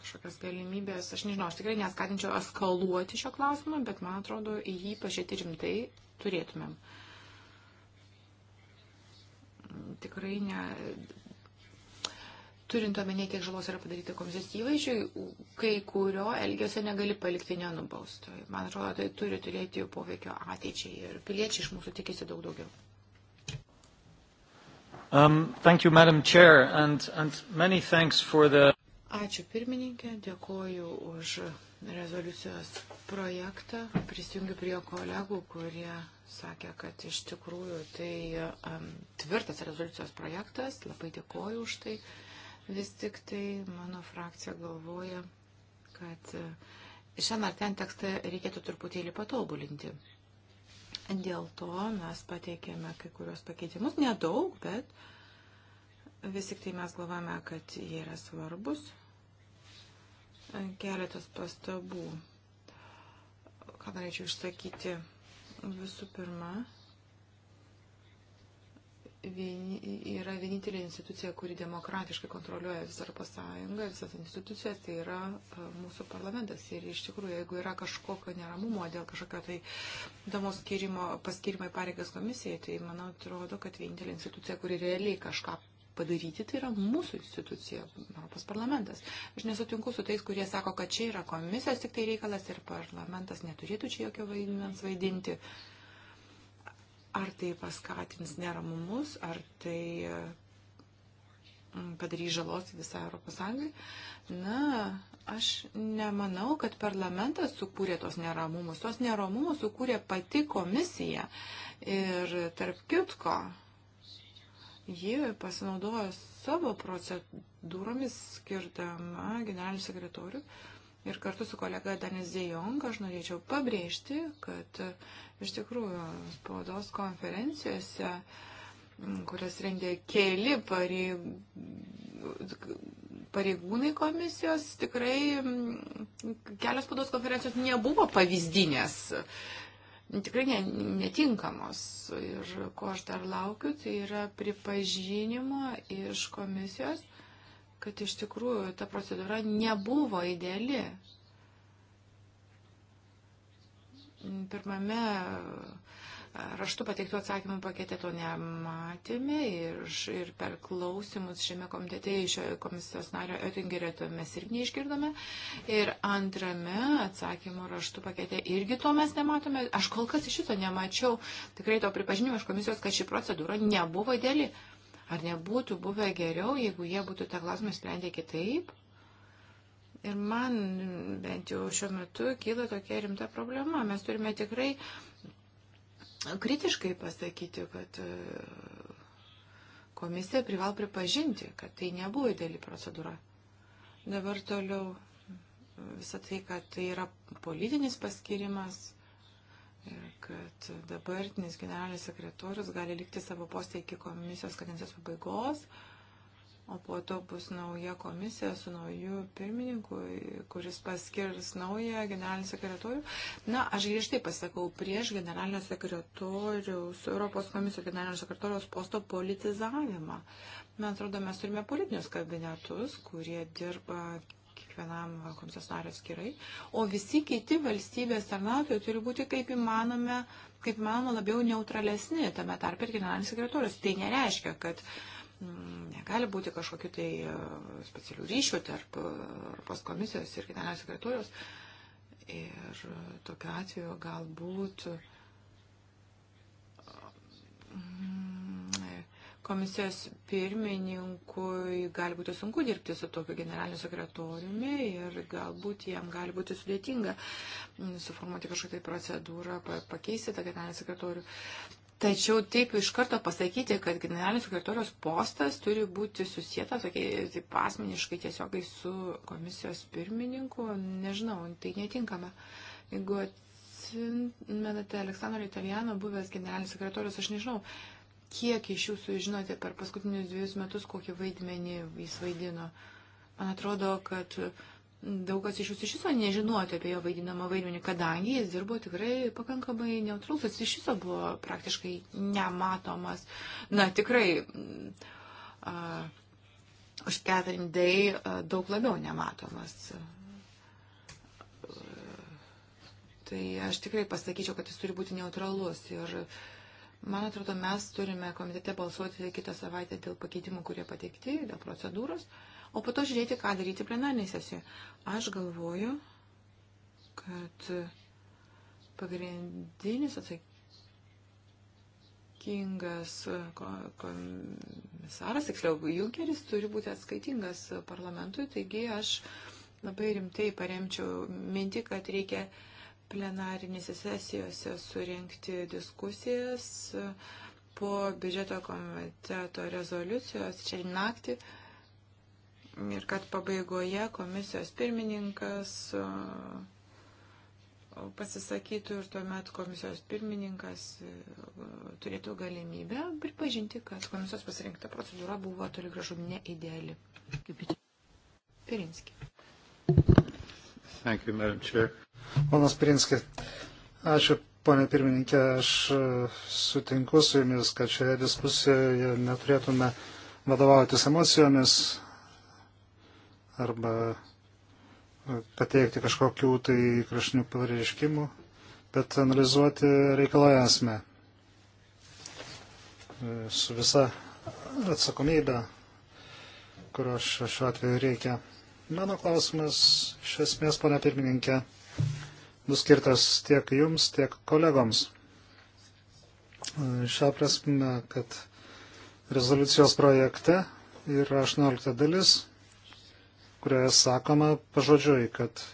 kažkokias galimybės. Aš nežinau, aš tikrai neskatinčiau eskaluoti šio klausimą, bet man atrodo, į jį pažiūrėti rimtai turėtumėm. Tikrai ne, turint omenyje, kiek žalos yra padaryta komisijos įvaizdžiui, kai kurio elgesio negali palikti nenubausto. Man atrodo, tai turi turėti poveikio ateičiai ir piliečiai iš mūsų tikisi daug daugiau. Um, thank you, Madam Chair, and, and many thanks for the... Ačiū pirmininkė, dėkoju už rezoliucijos projektą. Prisijungiu prie kolegų, kurie sakė, kad iš tikrųjų tai um, tvirtas rezoliucijos projektas. Labai dėkoju už tai. Uh, Vis tik tai mano frakcija galvoja, kad e, šiandien ar ten tekstą reikėtų truputėlį patobulinti. Dėl to mes pateikėme kai kurios pakeitimus, nedaug, bet vis tik tai mes galvame, kad jie yra svarbus. E, keletas pastabų, ką norėčiau išsakyti. Visų pirma, vieni, yra vienintelė institucija, kuri demokratiškai kontroliuoja visą Europos Sąjungą, visas institucijas, tai yra e, mūsų parlamentas. Ir iš tikrųjų, jeigu yra kažkokio neramumo dėl kažkokio tai įdomus paskirimo į pareigas komisijai, tai man atrodo, kad vienintelė institucija, kuri realiai kažką padaryti, tai yra mūsų institucija, Europos parlamentas. Aš nesutinku su tais, kurie sako, kad čia yra komisijos tik tai reikalas ir parlamentas neturėtų čia jokio vaidmens vaidinti. Mm. Ar tai paskatins neramumus, ar tai mm, padarys žalos visą Europos Sąjungai. Na, aš nemanau, kad parlamentas sukūrė tos neramumus. Tos neramumus sukūrė pati komisija. Ir tarp kitko, ji pasinaudojo savo procedūromis skirdama generalinį sekretorių. Uh, Ir kartu su kolega Danis Dejong aš norėčiau pabrėžti, kad e, iš tikrųjų spaudos konferencijose, kurias rengė keli pareigūnai komisijos, tikrai kelios spaudos konferencijos nebuvo pavyzdinės tikrai ne, netinkamos. Ir ko aš dar laukiu, tai yra pripažinimo iš komisijos, kad iš tikrųjų ta procedūra nebuvo ideali. Pirmame raštu pateiktų atsakymų pakete to nematėme ir, ir per klausimus šiame komitete iš komisijos nario Oettingerio to mes irgi neišgirdome. Ir antrame atsakymų raštu pakete irgi to mes nematome. Aš kol kas iš šito nemačiau tikrai to pripažinimo iš komisijos, kad ši procedūra nebuvo ideali. Mhm. Ar nebūtų buvę geriau, jeigu jie būtų tą klausimą sprendę kitaip? Ir man bent jau šiuo metu kyla tokia rimta problema. Mes turime tikrai kritiškai pasakyti, kad e, komisija prival pripažinti, kad tai nebuvo įdėlį procedūra. Dabar toliau visą tai, kad tai yra politinis paskirimas kad dabartinis generalinis sekretorius gali likti savo postą iki komisijos kadencijos pabaigos, o po to bus nauja komisija su nauju pirmininku, kuris paskirs naują generalinį sekretorių. Na, aš griežtai pasakau prieš generalinio sekretoriaus, Europos komisijos generalinio sekretoriaus posto politizavimą. Man atrodo, mes turime politinius kabinetus, kurie dirba kiekvienam komisionario skirai, o visi kiti valstybės tarnautojai turi būti kaip įmanome, kaip įmanoma labiau neutralesni, tame tarp ir generalinis sekretorius. Tai nereiškia, kad mm, negali būti kažkokiu tai e, specialių ryšių tarp Europos komisijos ir generalinio sekretoriaus. Ir e, tokiu atveju galbūt e, Komisijos pirmininkui gali būti sunku dirbti su tokiu generaliniu sekretoriumi ir galbūt jam gali būti sudėtinga mm, suformuoti kažkokią tai procedūrą, pakeisti tą generalinį sekretorių. Tačiau taip iš karto pasakyti, kad generalinis sekretorijos postas turi būti susijęs taip asmeniškai tiesiogai su komisijos pirmininku, nežinau, tai netinkama. Jeigu atsimenate Aleksandro Italiano buvęs generalinis sekretorius, aš nežinau, Kiek iš jūsų žinote per paskutinius dviejus metus, kokį vaidmenį jis vaidino? Man atrodo, kad daug kas iš jūsų iš viso nežinote apie jo vaidinamą vaidmenį, kadangi jis dirbo tikrai pakankamai neutralus, jis iš viso buvo praktiškai nematomas. Na, tikrai uh, už Catherine Day uh, daug labiau nematomas. Uh, tai aš tikrai pasakyčiau, kad jis turi būti neutralus. Ir, uh, Man atrodo, mes turime komitete balsuoti kitą savaitę dėl pakeitimų, kurie pateikti, dėl procedūros, o po to žiūrėti, ką daryti plenarnėje sesijoje. Aš galvoju, kad pagrindinis atsakingas komisaras, tiksliau, Junkeris turi būti atskaitingas parlamentui, taigi aš labai rimtai paremčiau mintį, kad reikia plenarinėse sesijose surinkti diskusijas e, po biudžeto komiteto rezoliucijos čia naktį ir kad pabaigoje komisijos pirmininkas e, pasisakytų ir tuomet komisijos pirmininkas e, turėtų galimybę pripažinti, kad komisijos pasirinkta procedūra buvo toli gražu ne ideali. Pirinski. Thank you, Madam Chair. Ponas Prinskis, ačiū, ponė pirmininkė, aš e, sutinku su jumis, kad šioje diskusijoje neturėtume vadovautis emocijomis arba e, pateikti kažkokių tai krašnių pareiškimų, bet analizuoti reikaloje esmę e, su visa atsakomybė, kurio šiuo atveju reikia. Mano klausimas iš esmės, pana pirmininkė, bus skirtas tiek jums, tiek kolegoms. Šią prasme, kad rezoliucijos projekte yra 18 dalis, kurioje sakoma pažodžiui, kad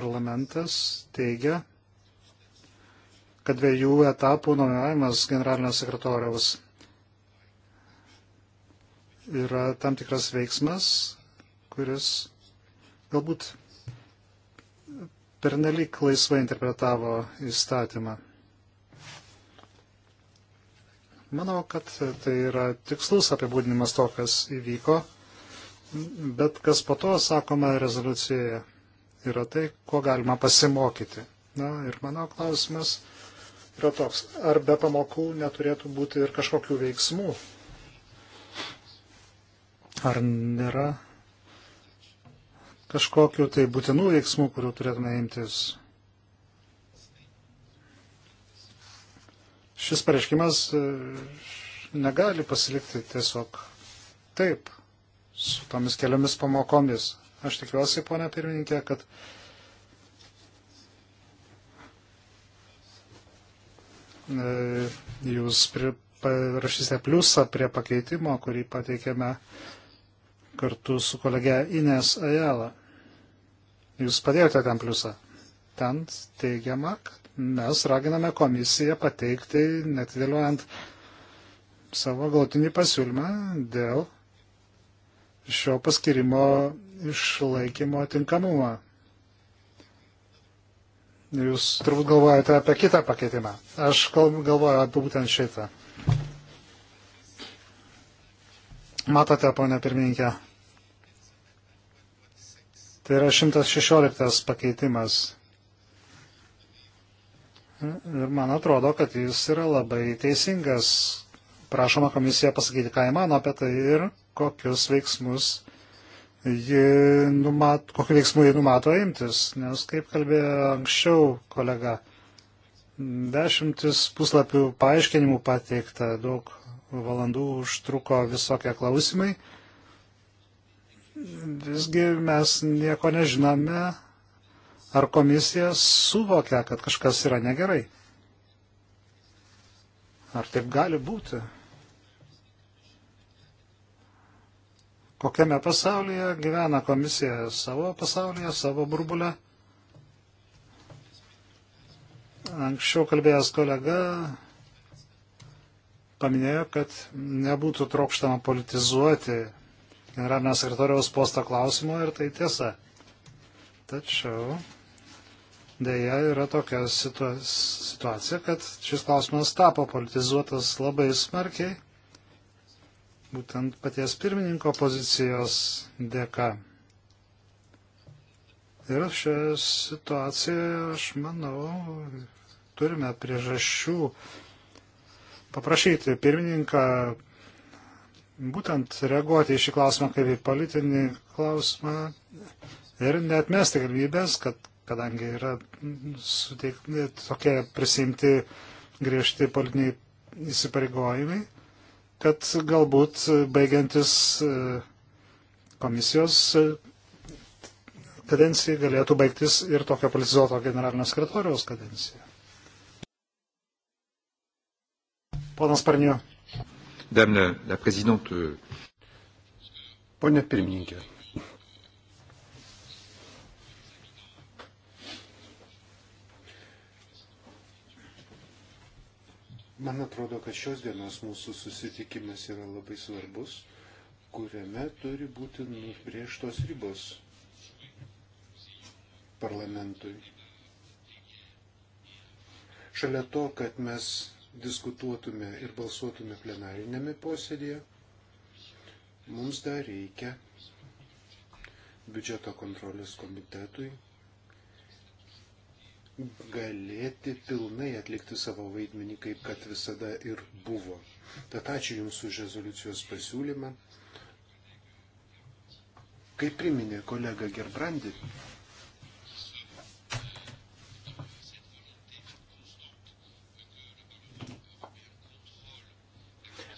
parlamentas teigia, kad dviejų etapų nominavimas generalinio sekretoriaus yra tam tikras veiksmas, kuris galbūt pernelyg laisvai interpretavo įstatymą. Manau, kad tai yra tikslus apibūdinimas to, kas įvyko, bet kas po to sakoma rezoliucijoje yra tai, ko galima pasimokyti. Na ir mano klausimas yra toks, ar be pamokų neturėtų būti ir kažkokių veiksmų, Ar nėra kažkokiu tai būtinų veiksmų, kurių turėtume imtis? Šis pareiškimas e, negali pasilikti tiesiog taip, su tomis keliomis pamokomis. Aš tikiuosi, ponia pirmininkė, kad e, jūs pri, parašysite pliusą prie pakeitimo, kurį pateikėme kartu su kolege Ines Ajala. Jūs padėjote ten pliusą. Ten teigiama, kad mes raginame komisiją pateikti, netidėliojant savo galutinį pasiūlymą dėl šio paskirimo išlaikymo tinkamumą. Jūs turbūt galvojate apie kitą pakeitimą. Aš galvoju apie būtent šitą. Matote, ponia pirmininkė, tai yra 116 pakeitimas. Ir man atrodo, kad jis yra labai teisingas. Prašoma komisija pasakyti, ką įmano apie tai ir kokius veiksmus numat, kokiu veiksmu jį numato imtis, nes kaip kalbėjo anksčiau kolega, dešimtis puslapių paaiškinimų pateikta, daug valandų užtruko visokie klausimai. Visgi mes nieko nežinome, ar komisija suvokia, kad kažkas yra negerai. Ar taip gali būti? Kokiame pasaulyje gyvena komisija? Savo pasaulyje, savo burbulę? Anksčiau kalbėjęs kolega paminėjo, kad nebūtų trokštama politizuoti generalinio sekretoriaus posto klausimo ir tai tiesa. Tačiau dėja yra tokia situa situacija, kad šis klausimas tapo politizuotas labai smarkiai, būtent paties pirmininko pozicijos dėka. Ir šioje situacijoje, aš manau, turime priežasčių paprašyti pirmininką būtent reaguoti į šį klausimą kaip į politinį klausimą ir netmesti galimybės, kad kadangi yra suteikti tokie prisimti griežti politiniai įsipareigojimai, kad galbūt baigiantis e, komisijos e, kadencijai galėtų baigtis ir tokio politizuoto generalinio sekretoriaus kadencija. Ponas Parnio. Dame la prezidentė. Euh, Pone pirmininkė. Man atrodo, kad šios dienos mūsų susitikimas yra labai svarbus, kuriame turi būti nubrėžtos ribos parlamentui. Šalia to, kad mes diskutuotume ir balsuotume plenarinėme posėdėje, mums dar reikia biudžeto kontrolės komitetui galėti pilnai atlikti savo vaidmenį, kaip kad visada ir buvo. Tad ačiū Jums už rezoliucijos pasiūlymą. Kaip priminė kolega Gerbrandi,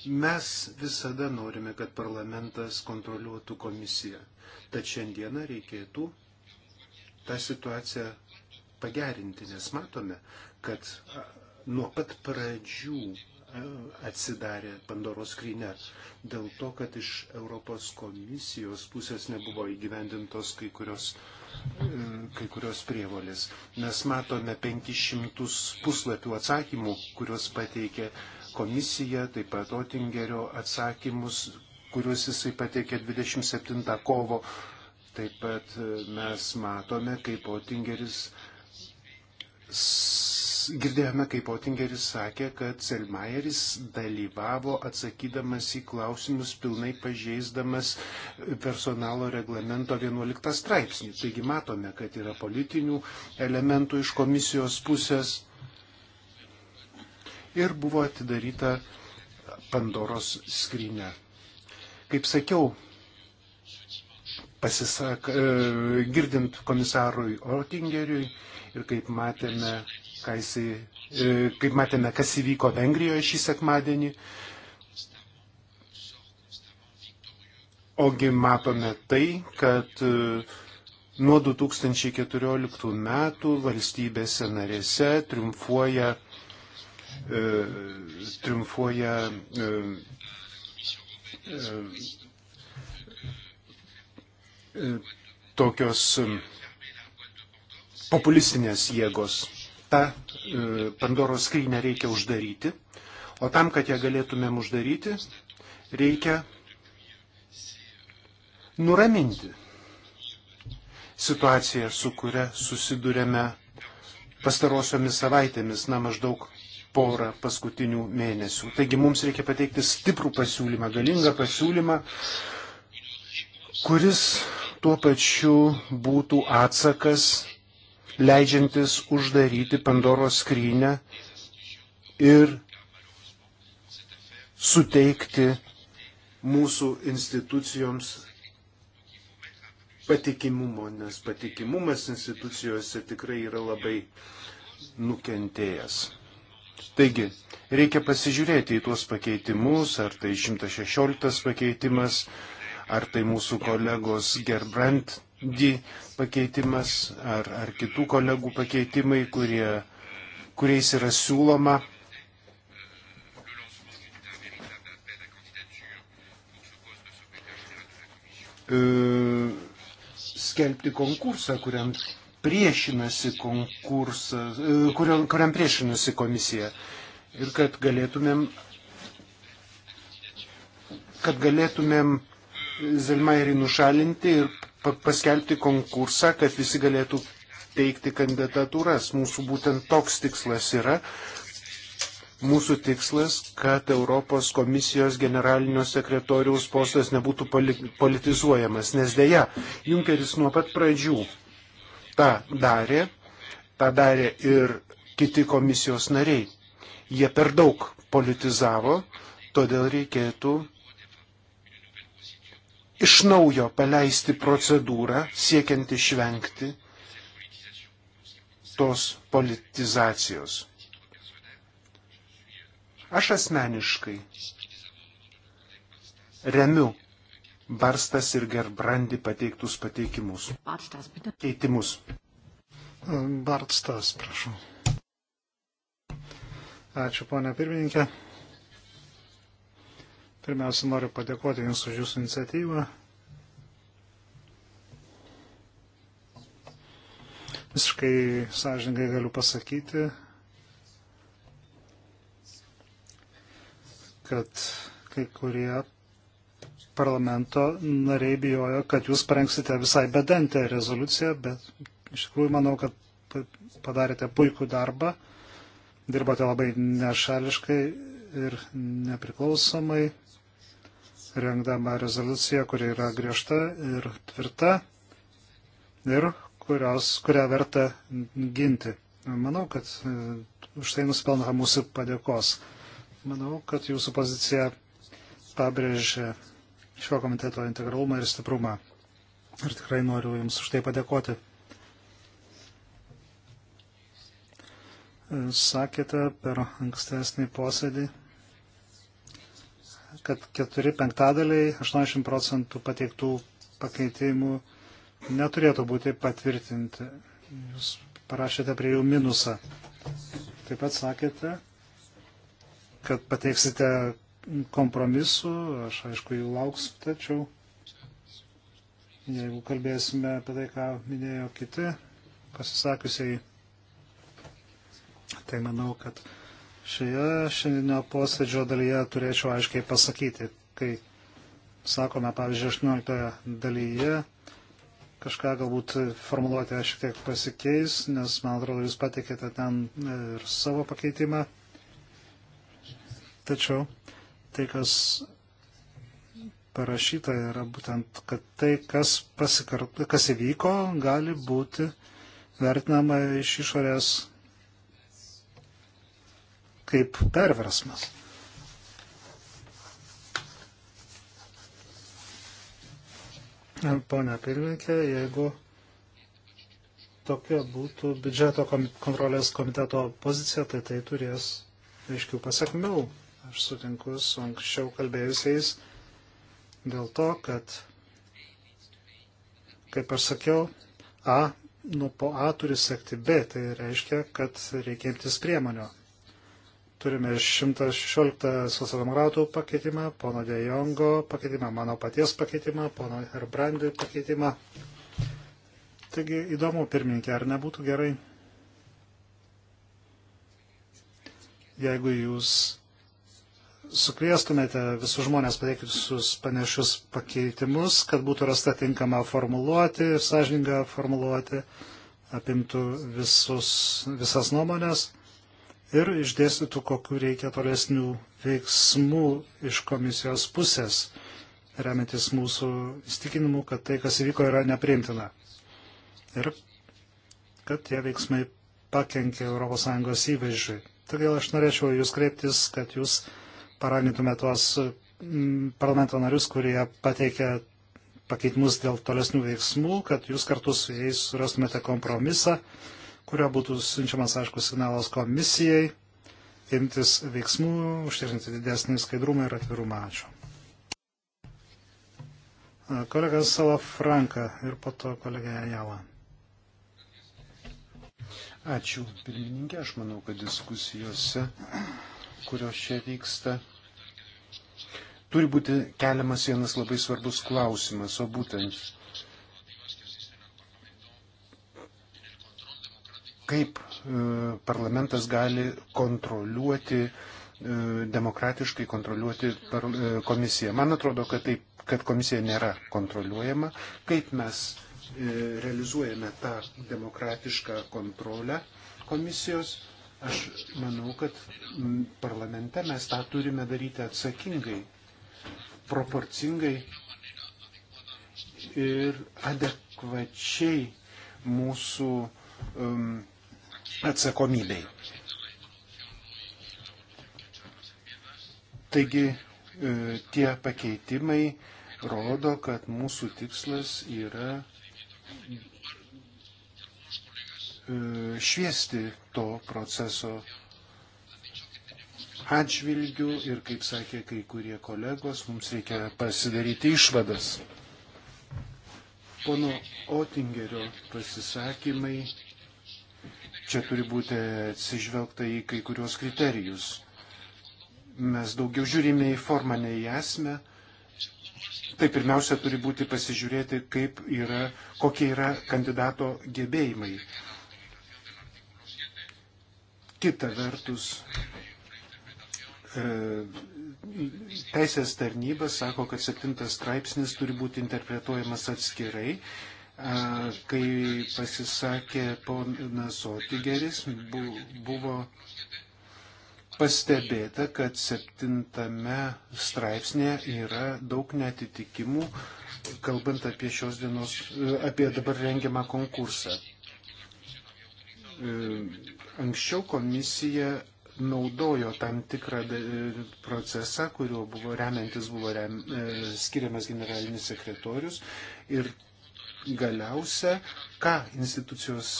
Mes visada norime, kad parlamentas kontroliuotų komisiją. Tad šiandieną reikėtų tą situaciją pagerinti, nes matome, kad nuo pat pradžių atsidarė Pandoros skryne dėl to, kad iš Europos komisijos pusės nebuvo įgyvendintos kai kurios, e, kai kurios prievolės. Mes matome 500 puslapių atsakymų, kuriuos pateikė uh, komisija, taip pat Otingerio atsakymus, kuriuos jisai pateikė 27 kovo. Taip pat e, mes matome, kaip Otingeris, girdėjome, kaip Otingeris sakė, kad Selmayeris dalyvavo atsakydamas į klausimus pilnai pažeisdamas personalo reglamento 11 straipsnį. Taigi matome, kad yra politinių elementų iš komisijos pusės ir buvo atidaryta Pandoros skrynė. Kaip sakiau, pasisak, e, girdint komisarui Otingeriui ir kaip matėme, jisai, e, kaip matėme, kas įvyko Vengrijoje šį sekmadienį, ogi matome tai, kad e, nuo 2014 metų valstybėse narėse triumfuoja E, triumfuoja e, e, tokios populistinės jėgos. Ta Pandoros skrynę reikia uždaryti, o tam, kad ją galėtumėm uždaryti, reikia nuraminti situaciją, su kuria susidurėme pastarosiomis savaitėmis, na maždaug porą paskutinių mėnesių. Taigi mums reikia pateikti stiprų pasiūlymą, galingą pasiūlymą, kuris tuo pačiu būtų atsakas, leidžiantis uždaryti Pandoros skrynę ir suteikti mūsų institucijoms patikimumo, nes patikimumas institucijose tikrai yra labai nukentėjęs. Taigi, reikia pasižiūrėti į tuos pakeitimus, ar tai 116 pakeitimas, ar tai mūsų kolegos Gerbrandi pakeitimas, ar, ar kitų kolegų pakeitimai, kurie, kuriais yra siūloma. E, skelbti konkursą, kuriam priešinasi konkursą, e, kurio, kuriam priešinasi komisija. Ir kad galėtumėm, kad galėtumėm Zelmairį nušalinti ir paskelbti konkursą, kad visi galėtų teikti kandidatūras. Mūsų būtent toks tikslas yra. Mūsų tikslas, kad Europos komisijos generalinio sekretoriaus postas nebūtų politizuojamas, nes dėja, Junkeris nuo pat pradžių tą darė, tą darė ir kiti komisijos nariai. Jie per daug politizavo, todėl reikėtų iš naujo paleisti procedūrą, siekiant išvengti tos politizacijos. Aš asmeniškai remiu Barstas ir Gerbrandi pateiktus pateikimus. Barstas, bitte. Keitimus. E, Barstas, prašau. Ačiū, ponia pirmininkė. Pirmiausia, noriu padėkoti Jums už Jūsų iniciatyvą. Visiškai sąžininkai galiu pasakyti, kad kai kurie parlamento nariai bijojo, kad jūs parengsite visai bedantę rezoliuciją, bet iš tikrųjų manau, kad padarėte puikų darbą, dirbote labai nešališkai ir nepriklausomai, rengdama rezoliuciją, kuri yra griežta ir tvirta ir kurios, kurią verta ginti. Manau, kad e, už tai nusipelna mūsų padėkos. Manau, kad jūsų pozicija pabrėžia šio komiteto integralumą ir stiprumą. Ir tikrai noriu Jums už tai padėkoti. Sakėte per ankstesnį posėdį, kad keturi penktadaliai, 80 procentų pateiktų pakeitimų neturėtų būti patvirtinti. Jūs parašėte prie jų minusą. Taip pat sakėte, kad pateiksite kompromisų, aš aišku jų lauksiu, tačiau jeigu kalbėsime apie tai, ką minėjo kiti pasisakiusiai, tai manau, kad šioje šiandienio posėdžio dalyje turėčiau aiškiai pasakyti, kai sakome, pavyzdžiui, 18 dalyje kažką galbūt formuluoti šiek tiek pasikeis, nes, man atrodo, jūs patikėte ten ir savo pakeitimą. Tačiau tai, kas parašyta, yra būtent, kad tai, kas, pasikart, kas įvyko, gali būti vertinama iš išorės kaip perversmas. Pone pirmininkė, jeigu tokia būtų biudžeto kontrolės komiteto pozicija, tai tai turės aiškių pasiekmių. Aš sutinku su anksčiau kalbėjusiais dėl to, kad, kaip aš sakiau, A, nu po A turi sekti B, tai reiškia, kad reikia imtis priemonių. Turime 116 socialdemokratų pakeitimą, pono Dejongo pakeitimą, mano paties pakeitimą, pono Herbrandi pakeitimą. Taigi įdomu, pirmininkė, ar nebūtų gerai, jeigu jūs sukviestumėte visus žmonės pateikusius panašius pakeitimus, kad būtų rasta tinkama formuluoti, sąžininga formuluoti, apimtų visus, visas nuomonės ir išdėstytų, kokiu reikia tolesnių veiksmų iš komisijos pusės, remiantis mūsų įstikinimu, kad tai, kas įvyko, yra nepriimtina. Ir kad tie veiksmai pakenkė ES įvaizdžiui. Todėl aš norėčiau jūs kreiptis, kad jūs paragintume tuos mm, parlamento narius, kurie pateikė pakeitimus dėl tolesnių veiksmų, kad jūs kartu su jais surastumėte kompromisą, kurio būtų siunčiamas aiškus signalas komisijai imtis veiksmų, užtikrinti didesnį skaidrumą ir atvirumą. Ačiū. Kolegas Sala Franka ir po to kolegė Jala. Ačiū, pirmininkė. Aš manau, kad diskusijose kurios čia vyksta, turi būti keliamas vienas labai svarbus klausimas, o būtent kaip e, parlamentas gali kontroliuoti, e, demokratiškai kontroliuoti e, komisiją. Man atrodo, kad, taip, kad komisija nėra kontroliuojama. Kaip mes realizuojame tą demokratišką kontrolę komisijos Aš manau, kad parlamente mes tą turime daryti atsakingai, proporcingai ir adekvačiai mūsų um, atsakomybei. Taigi e, tie pakeitimai rodo, kad mūsų tikslas yra E, šviesti to proceso atžvilgių ir, kaip sakė kai kurie kolegos, mums reikia pasidaryti išvadas. Pono Otingerio pasisakymai čia turi būti atsižvelgta į kai kurios kriterijus. Mes daugiau žiūrime į formą, ne į esmę. Tai pirmiausia turi būti pasižiūrėti, kaip yra, kokie yra kandidato gebėjimai. Kita vertus, e, teisės tarnybas sako, kad septintas straipsnis turi būti interpretuojamas atskirai. E, kai pasisakė ponas Otigeris, buvo pastebėta, kad septintame straipsnėje yra daug netitikimų, kalbant apie šios dienos, e, apie dabar rengiamą konkursą. E, anksčiau komisija naudojo tam tikrą e, procesą, kuriuo buvo remiantis buvo rem, e, skiriamas generalinis sekretorius ir galiausia, ką institucijos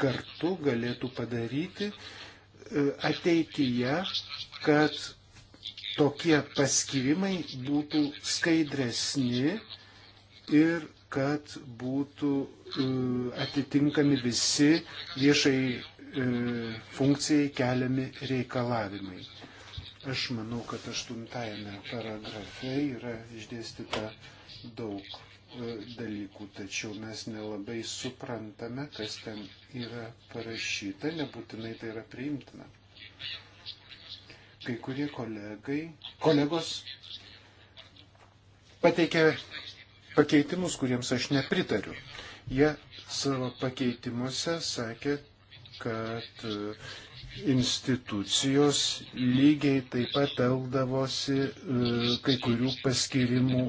kartu galėtų padaryti ateityje, kad tokie paskirimai būtų skaidresni ir kad būtų e, atitinkami visi viešai e, funkcijai keliami reikalavimai. Aš manau, kad aštuntajame paragrafe yra išdėstyta daug e, dalykų, tačiau mes nelabai suprantame, kas ten yra parašyta, nebūtinai tai yra priimtina. Kai kurie kolegai, kolegos pateikė pakeitimus, kuriems aš nepritariu. Jie savo pakeitimuose sakė, kad e, institucijos lygiai taip pat eldavosi e, kai kurių paskirimų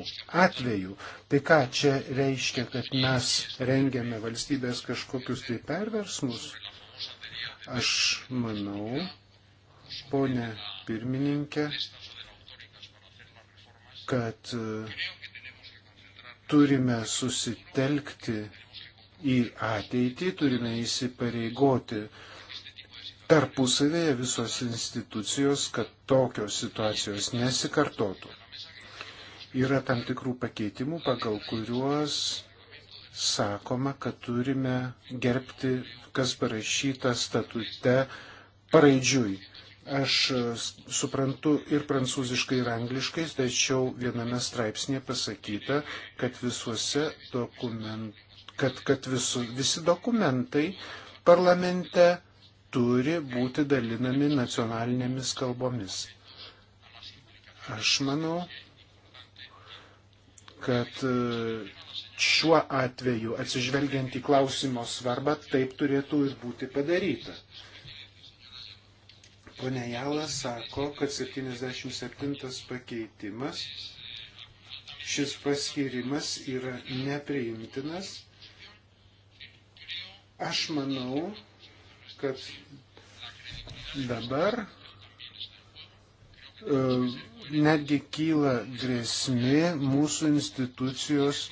atveju. Tai ką čia reiškia, kad mes rengiame valstybės kažkokius tai perversmus? Aš manau, ponė pirmininkė, kad uh, turime susitelkti į ateitį, turime įsipareigoti tarpusavėje visos institucijos, kad tokios situacijos nesikartotų. Yra tam tikrų pakeitimų, pagal kuriuos sakoma, kad turime gerbti, kas parašyta statute paraidžiui. Aš e, suprantu ir prancūziškai, ir angliškai, tačiau viename straipsnėje pasakyta, kad visuose dokumentuose kad, kad visu, visi dokumentai parlamente turi būti dalinami nacionalinėmis kalbomis. Aš manau, kad e, šiuo atveju, atsižvelgiant į klausimo svarbą, taip turėtų ir būti padaryta. Pone Jala sako, kad 77 pakeitimas, šis paskirimas yra nepriimtinas. Aš manau, kad dabar e, netgi kyla grėsmė mūsų institucijos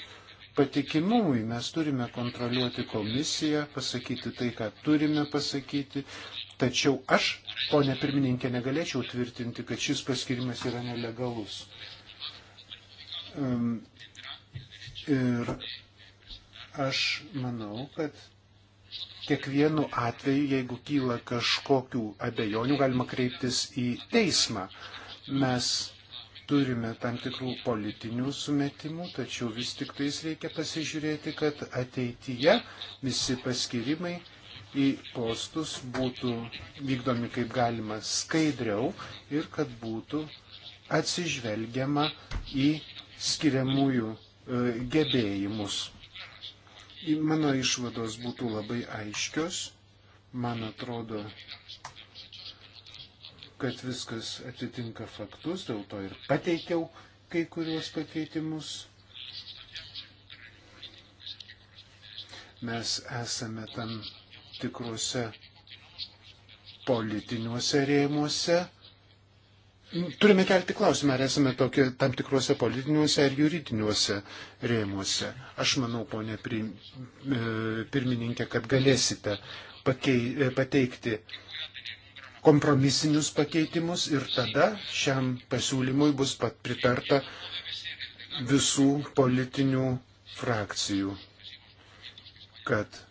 patikimumui. Mes turime kontroliuoti komisiją, pasakyti tai, ką turime pasakyti. Tačiau aš Pone pirmininkė, negalėčiau tvirtinti, kad šis paskirimas yra nelegalus. Um, ir aš manau, kad kiekvienu atveju, jeigu kyla kažkokių abejonių, galima kreiptis į teismą. Mes turime tam tikrų politinių sumetimų, tačiau vis tik tais reikia pasižiūrėti, kad ateityje visi paskirimai į postus būtų vykdomi kaip galima skaidriau ir kad būtų atsižvelgiama į skiriamųjų e, gebėjimus. Mano išvados būtų labai aiškios. Man atrodo, kad viskas atitinka faktus, dėl to ir pateikiau kai kuriuos pakeitimus. Mes esame tam tikrose politiniuose rėmuose. Turime kelti klausimą, ar esame tokie tam tikrose politiniuose ar juridiniuose rėmuose. Aš manau, ponė e, pirmininkė, kad galėsite pakei, e, pateikti kompromisinius pakeitimus ir tada šiam pasiūlymui bus pat pritarta visų politinių frakcijų, kad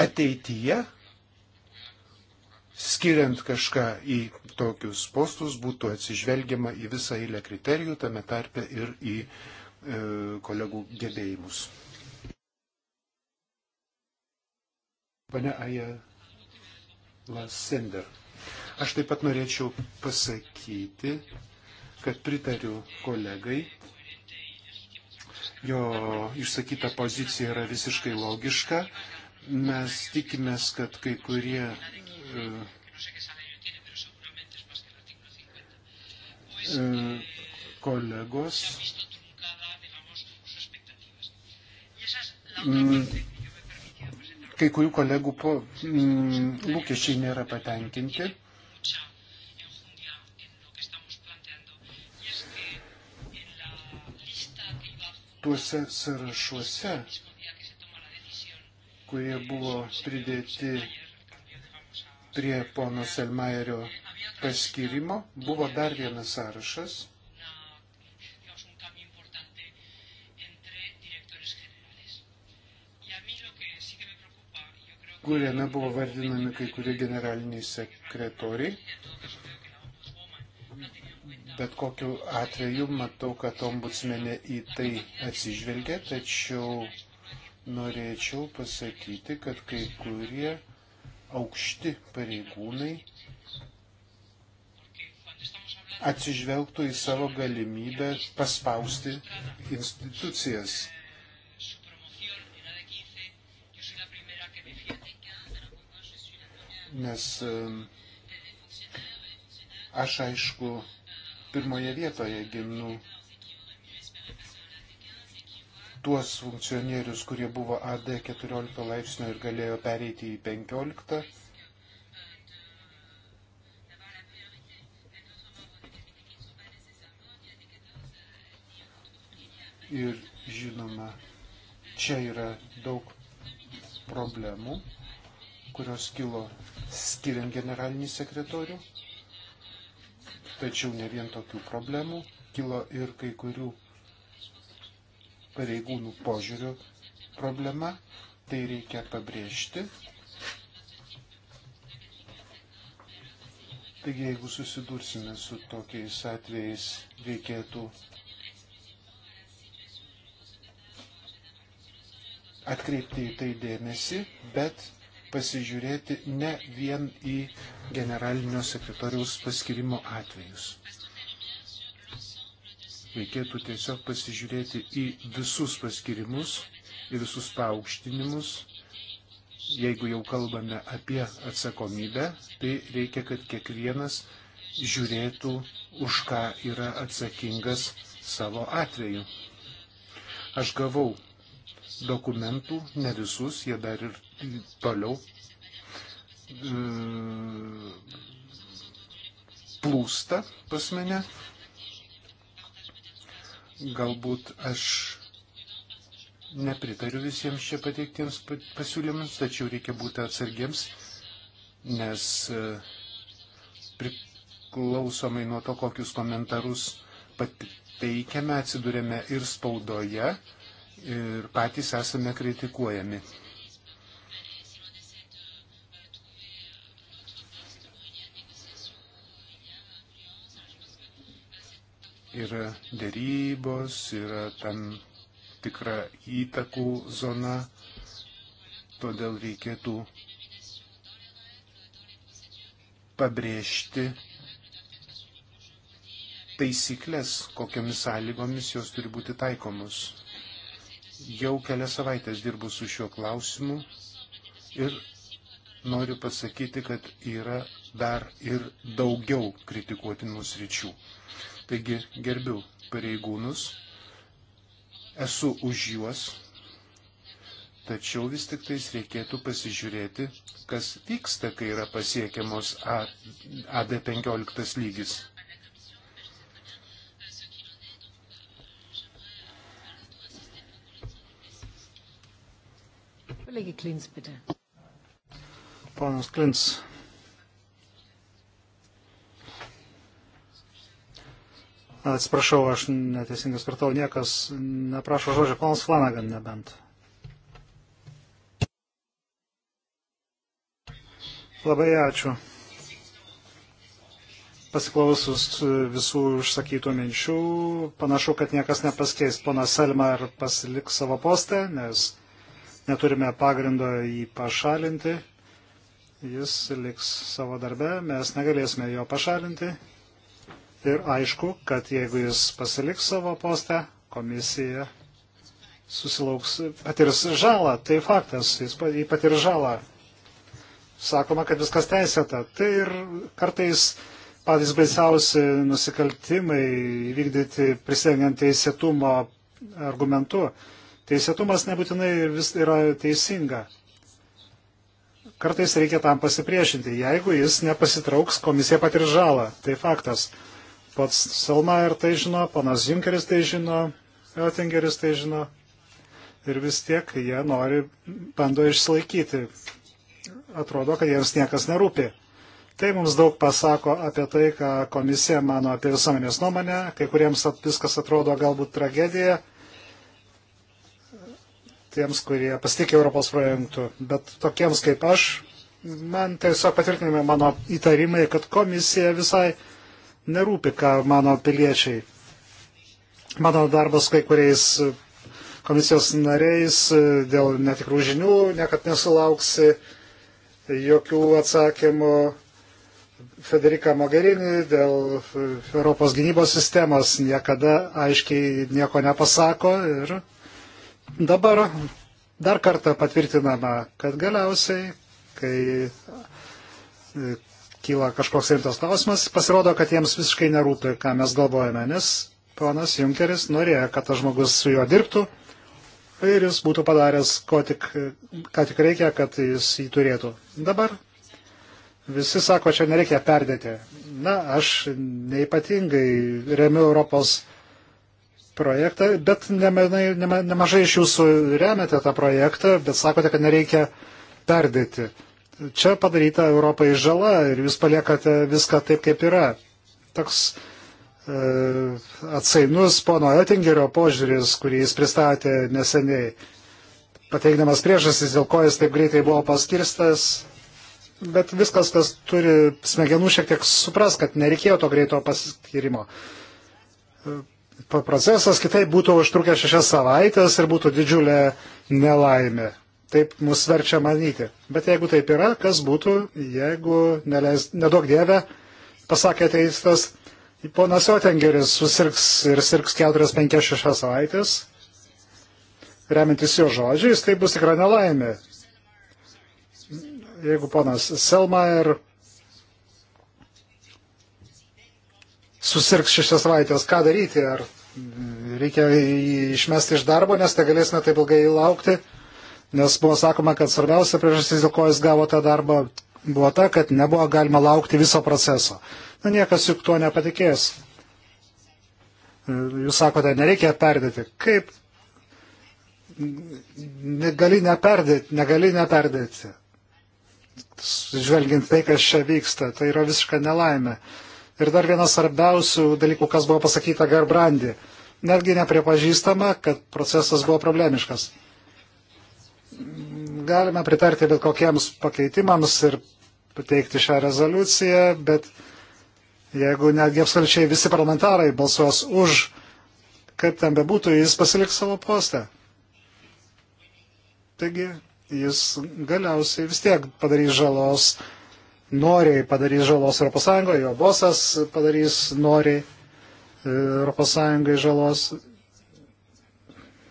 ateityje, skiriant kažką į tokius postus, būtų atsižvelgiama į visą eilę kriterijų, tame tarpe ir į e, kolegų gebėjimus. Pane Aja Lasender. Aš taip pat norėčiau pasakyti, kad pritariu kolegai. Jo išsakyta pozicija yra visiškai logiška. Mes tikimės, kad kai kurie. E, e, kolegos mm, kai kurių kolegų po, mm, lūkesčiai nėra patenkinti. Tuose sąrašuose kurie buvo pridėti prie pono Selmaerio paskirimo. Buvo dar vienas sąrašas. kuriame buvo vardinami kai kurie generaliniai sekretoriai. Bet kokiu atveju matau, kad ombudsmenė į tai atsižvelgia, tačiau norėčiau pasakyti, kad kai kurie aukšti pareigūnai atsižvelgtų į savo galimybę paspausti institucijas. Nes aš aišku pirmoje vietoje gimnu tuos funkcionierius, kurie buvo AD 14 laipsnio ir galėjo pereiti į 15. Ir žinoma, čia yra daug problemų, kurios kilo skiriant generalinį sekretorių. Tačiau ne vien tokių problemų, kilo ir kai kurių pareigūnų požiūrių problema, tai reikia pabrėžti. Taigi, jeigu susidursime su tokiais atvejais, reikėtų atkreipti į tai dėmesį, bet pasižiūrėti ne vien į generalinio sekretoriaus paskirimo atvejus. Reikėtų tiesiog pasižiūrėti į visus paskirimus, į visus paaukštinimus. Jeigu jau kalbame apie atsakomybę, tai reikia, kad kiekvienas žiūrėtų, už ką yra atsakingas savo atveju. Aš gavau dokumentų, ne visus, jie dar ir toliau e, plūsta pas mane, Galbūt aš nepritariu visiems čia pateiktiems pasiūlymams, tačiau reikia būti atsargiems, nes e, priklausomai nuo to, kokius komentarus pateikiame, atsidurėme ir spaudoje, ir patys esame kritikuojami. yra dėrybos, yra tam tikra įtakų zona, todėl reikėtų pabrėžti taisyklės, kokiamis sąlygomis jos turi būti taikomus. Jau kelias savaitės dirbu su šiuo klausimu ir noriu pasakyti, kad yra dar ir daugiau kritikuotinų sričių. Taigi gerbiu pareigūnus, esu už juos, tačiau vis tik tais reikėtų pasižiūrėti, kas vyksta, kai yra pasiekiamos AD15 lygis. Kollege Klins, bitte. Ponas Klins. Atsiprašau, aš neteisingai skartau, niekas neprašo žodžio, ponas Flanagan nebent. Labai ačiū. Pasiklausus visų užsakytų minčių, panašu, kad niekas nepaskeis. Ponas Selma ar pasiliks savo postę, nes neturime pagrindo jį pašalinti. Jis liks savo darbe, mes negalėsime jo pašalinti. Ir aišku, kad jeigu jis pasiliks savo postą, komisija susilauks, patirs žalą. Tai faktas, jis patirs žalą. Sakoma, kad viskas teisėta. Tai ir kartais patys baisiausi nusikaltimai įvykdyti prisidengiant teisėtumo argumentu. Teisėtumas nebūtinai vis yra teisinga. Kartais reikia tam pasipriešinti. Jeigu jis nepasitrauks, komisija patirs žalą. Tai faktas. Pats Selmayr tai žino, panas Junkeris tai žino, Oettingeris tai žino. Ir vis tiek jie nori, bando išsilaikyti. Atrodo, kad jiems niekas nerūpi. Tai mums daug pasako apie tai, ką komisija mano apie visuomenės nuomonę. Kai kuriems viskas atrodo galbūt tragedija. Tiems, kurie pasitikė Europos projektų. Bet tokiems kaip aš, man tiesiog patvirtinami mano įtarimai, kad komisija visai nerūpi, ką mano piliečiai. Mano darbas kai kuriais komisijos nariais e, dėl netikrų žinių niekad nesulauksi jokių atsakymų Federika Mogherini dėl Europos gynybos sistemos niekada aiškiai nieko nepasako ir dabar dar kartą patvirtinama, kad galiausiai, kai kyla kažkoks rimtas klausimas, pasirodo, kad jiems visiškai nerūpi, ką mes galvojame, nes ponas Junkeris norėjo, kad tas žmogus su juo dirbtų ir jis būtų padaręs, ko tik, ką tik reikia, kad jis jį turėtų. Dabar visi sako, čia nereikia perdėti. Na, aš neipatingai remiu Europos projektą, bet nemenai, nema, nemažai iš jūsų remiate tą projektą, bet sakote, kad nereikia perdėti čia padaryta Europai žala ir jūs paliekate viską taip, kaip yra. Toks e, atsainus pono Oettingerio požiūris, kurį jis pristatė neseniai, pateikdamas priežastis, dėl ko jis taip greitai buvo paskirstas. Bet viskas, kas turi smegenų, šiek tiek supras, kad nereikėjo to greito paskirimo. E, procesas kitaip būtų užtrukę šešias savaitės ir būtų didžiulė nelaimė. Taip mus verčia manyti. Bet jeigu taip yra, kas būtų, jeigu neleis, nedaug dievę, pasakė teistas, ponas Jotengeris susirgs ir sirgs 4-5-6 savaitės, remintis jo žodžiais, tai bus tikra nelaimė. Jeigu ponas Selmair susirgs šešias savaitės, ką daryti, ar reikia išmesti iš darbo, nes negalėsime taip ilgai laukti, nes buvo sakoma, kad svarbiausia priežastis, dėl ko jis gavo tą darbą, buvo ta, kad nebuvo galima laukti viso proceso. Na niekas juk tuo nepatikės. Jūs sakote, nereikia perdėti. Kaip? Negali neperdėti, negali neperdėti. Žvelgiant tai, kas čia vyksta, tai yra visiška nelaimė. Ir dar vienas svarbiausių dalykų, kas buvo pasakyta Garbrandi. Netgi nepripažįstama, kad procesas buvo problemiškas galime pritarti bet kokiems pakeitimams ir pateikti šią rezoliuciją, bet jeigu netgi absoliučiai visi parlamentarai balsuos už, kaip ten bebūtų, jis pasiliks savo postą. Taigi jis galiausiai vis tiek padarys žalos, noriai padarys žalos ES, jo bosas padarys noriai ES žalos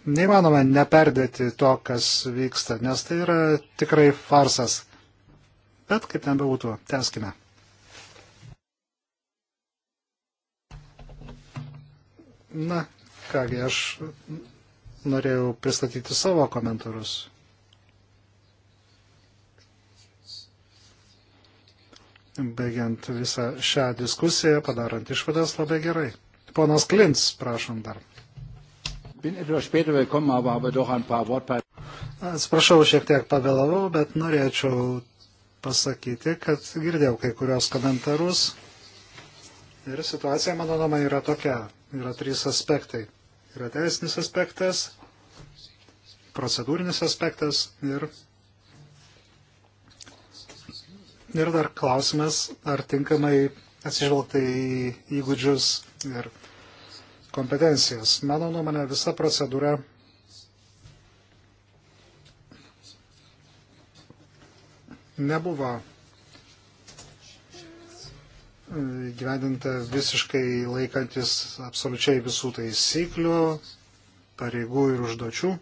neįmanoma neperdėti to, kas vyksta, nes tai yra tikrai farsas. Bet kaip ten bebūtų, teskime. Na, kągi, aš norėjau pristatyti savo komentarus. Baigiant visą šią diskusiją, padarant išvadas labai gerai. Ponas Klins, prašom dar. Bin etwas später gekommen, aber, aber doch ein paar Wortpartien. Atsiprašau, šiek tiek pavėlavau, bet norėčiau pasakyti, kad girdėjau kai kurios komentarus. Ir situacija, mano nuomonė, yra tokia. Yra trys aspektai. Yra teisinis aspektas, procedūrinis aspektas ir, ir dar klausimas, ar tinkamai atsižvelgta į įgūdžius ir kompetencijas. Mano nuomonė, visa procedūra nebuvo gyvendinta visiškai laikantis absoliučiai visų taisyklių, pareigų ir užduočių.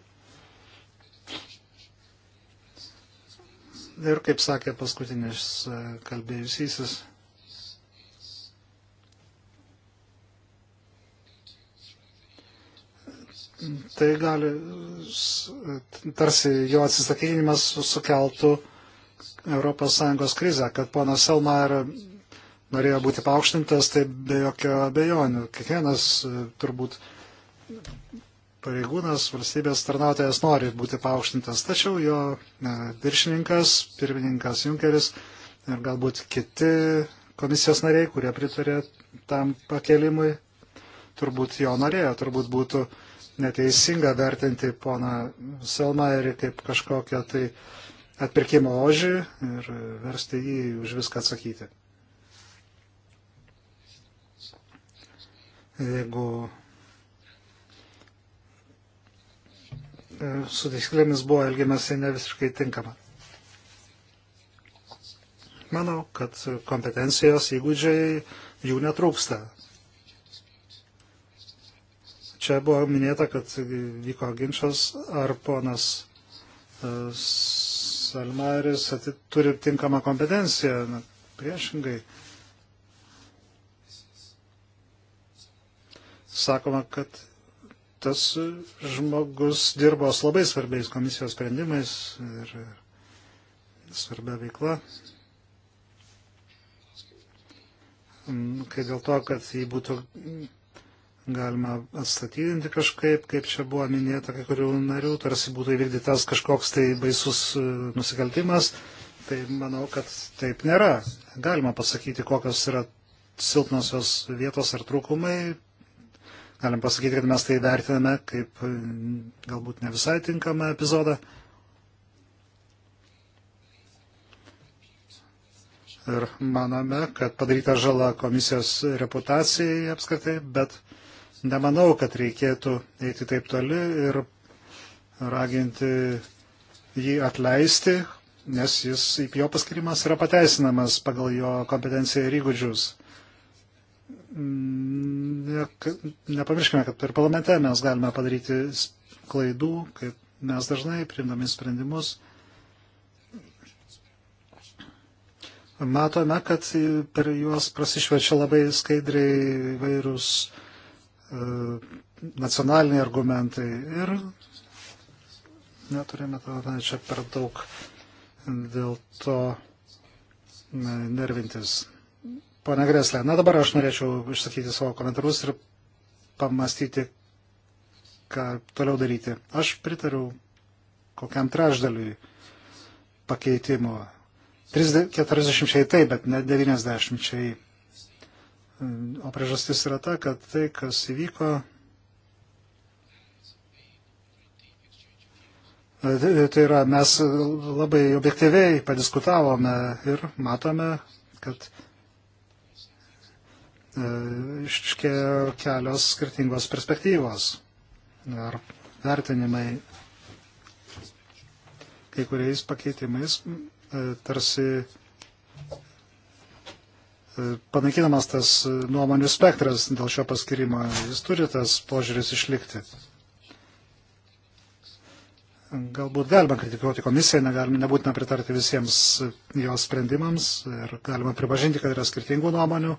Ir kaip sakė paskutinis kalbėjusysis, tai gali tarsi jo atsistatydinimas sukeltų ES krizę, kad ponas Selmair norėjo būti paaukštintas, tai be jokio abejonių. Kiekvienas e, turbūt pareigūnas, valstybės tarnautojas nori būti paaukštintas, tačiau jo e, viršininkas, pirmininkas Junkeris ir galbūt kiti komisijos nariai, kurie pritarė tam pakelimui, turbūt jo norėjo, turbūt būtų uh, neteisinga vertinti poną Selmaerį kaip kažkokią tai atpirkimo ožį ir versti jį už viską atsakyti. Jeigu e, su taisyklėmis buvo elgiamasi ne visiškai tinkama. Manau, kad kompetencijos įgūdžiai jų netrūksta. Čia buvo minėta, kad vyko ginčas, ar ponas e, Salmaris turi tinkamą kompetenciją. Na, priešingai. Sakoma, kad tas žmogus dirbo su labai svarbiais komisijos sprendimais ir svarbia veikla. Kai dėl to, kad jį būtų galima atstatydinti kažkaip, kaip čia buvo minėta kai kurių narių, tarsi būtų įvykdytas kažkoks tai baisus e, nusikaltimas. Tai manau, kad taip nėra. Galima pasakyti, kokios yra silpnosios vietos ar trūkumai. Galim pasakyti, kad mes tai vertiname kaip e, galbūt ne visai tinkamą epizodą. ir manome, kad padaryta žala komisijos reputacijai apskritai, bet nemanau, kad reikėtų eiti taip toli ir raginti jį atleisti, nes jis, jo paskirimas yra pateisinamas pagal jo kompetenciją ir įgūdžius. Ne, nepamirškime, kad ir parlamente mes galime padaryti klaidų, kaip mes dažnai priimdami sprendimus. Matome, kad per juos prasišvečia labai skaidriai vairūs uh, E, nacionaliniai argumentai ir neturime čia per daug dėl to e, nervintis. Pone Greslė, na dabar aš norėčiau išsakyti savo komentarus ir pamastyti, ką toliau daryti. Aš pritariu kokiam trešdaliui pakeitimo. 30, 40 taip, bet ne 90. O priežastis yra ta, kad tai, kas įvyko, tai, tai yra mes labai objektyviai padiskutavome ir matome, kad e, iškėjo kelios skirtingos perspektyvos ar vertinimai kai kuriais pakeitimais e, tarsi panaikinamas tas nuomonių spektras dėl šio paskirimo. Jis turi tas požiūris išlikti. Galbūt galima kritikuoti komisiją, negalima, nebūtina pritarti visiems jos sprendimams ir galima pripažinti, kad yra skirtingų nuomonių.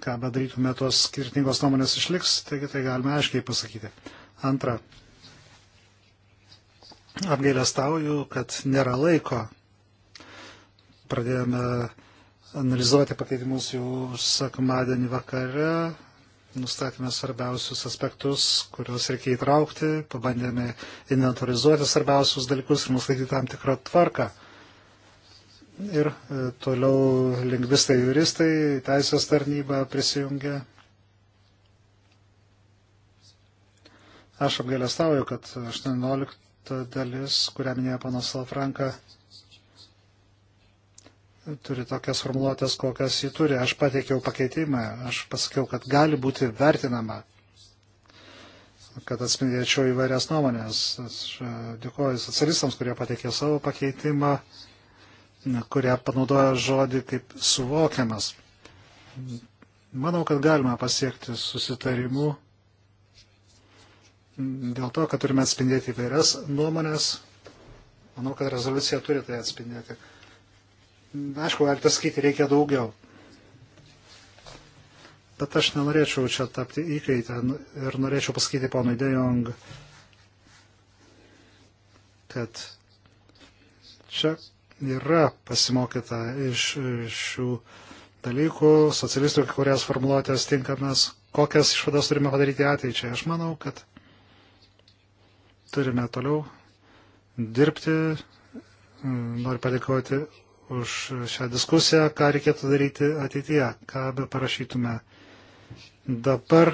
Ką bedarytume, tos skirtingos nuomonės išliks, taigi tai galime aiškiai pasakyti. Antra, apgailestauju, kad nėra laiko. Pradėjome analizuoti pakeitimus jau sekmadienį vakare. Nustatėme svarbiausius aspektus, kuriuos reikia įtraukti, pabandėme inventorizuoti svarbiausius dalykus ir nustatyti tam tikrą tvarką. Ir e, toliau lingvistai, juristai, teisės tarnyba prisijungė. Aš apgailestauju, kad 18 dalis, kurią minėjo panas Salfranka, turi tokias formuluotės, kokias jį turi. Aš pateikiau pakeitimą, aš pasakiau, kad gali būti vertinama, kad atspindėčiau įvairias nuomonės. Aš e, dėkuoju socialistams, kurie pateikė savo pakeitimą, kurie panaudoja žodį kaip suvokiamas. Manau, kad galima pasiekti susitarimų dėl to, kad turime atspindėti įvairias nuomonės. Manau, kad rezoliucija turi tai atspindėti aišku, galite sakyti, reikia daugiau. Bet aš nenorėčiau čia tapti įkaitę ir norėčiau pasakyti ponui Dejong, kad čia yra pasimokyta iš, iš šių dalykų, socialistų, kurias formuluotės tinkamas, kokias išvadas turime padaryti ateičiai. Aš manau, kad turime toliau dirbti. Noriu padėkoti už šią diskusiją, ką reikėtų daryti ateityje, ką be parašytume. Dabar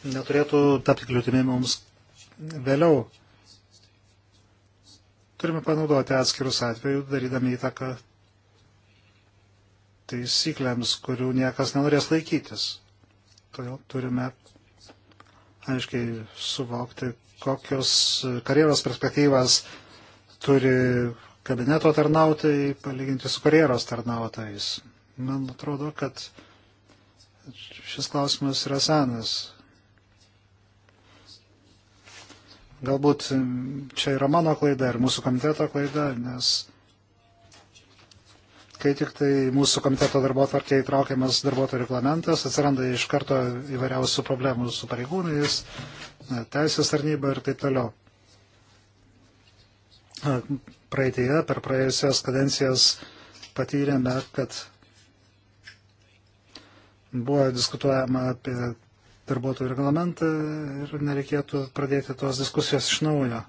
neturėtų tapti kliūtimi mums vėliau. Turime panaudoti atskirus atvejus, darydami įtaką taisyklėms, kurių niekas nenorės laikytis. Todėl turime aiškiai suvokti, kokios karjeros perspektyvas turi kabineto tarnautojai palyginti su karjeros tarnautojais. Man atrodo, kad šis klausimas yra senas. Galbūt čia yra mano klaida ir mūsų komiteto klaida, nes kai tik tai mūsų komiteto darbo tvarkiai įtraukiamas darbuotojų reglamentas, atsiranda iš karto įvairiausių problemų su pareigūnais, teisės tarnyba ir taip toliau praeitėje per praėjusias kadencijas patyrėme, kad buvo diskutuojama apie darbuotojų reglamentą ir nereikėtų pradėti tos diskusijos iš naujo.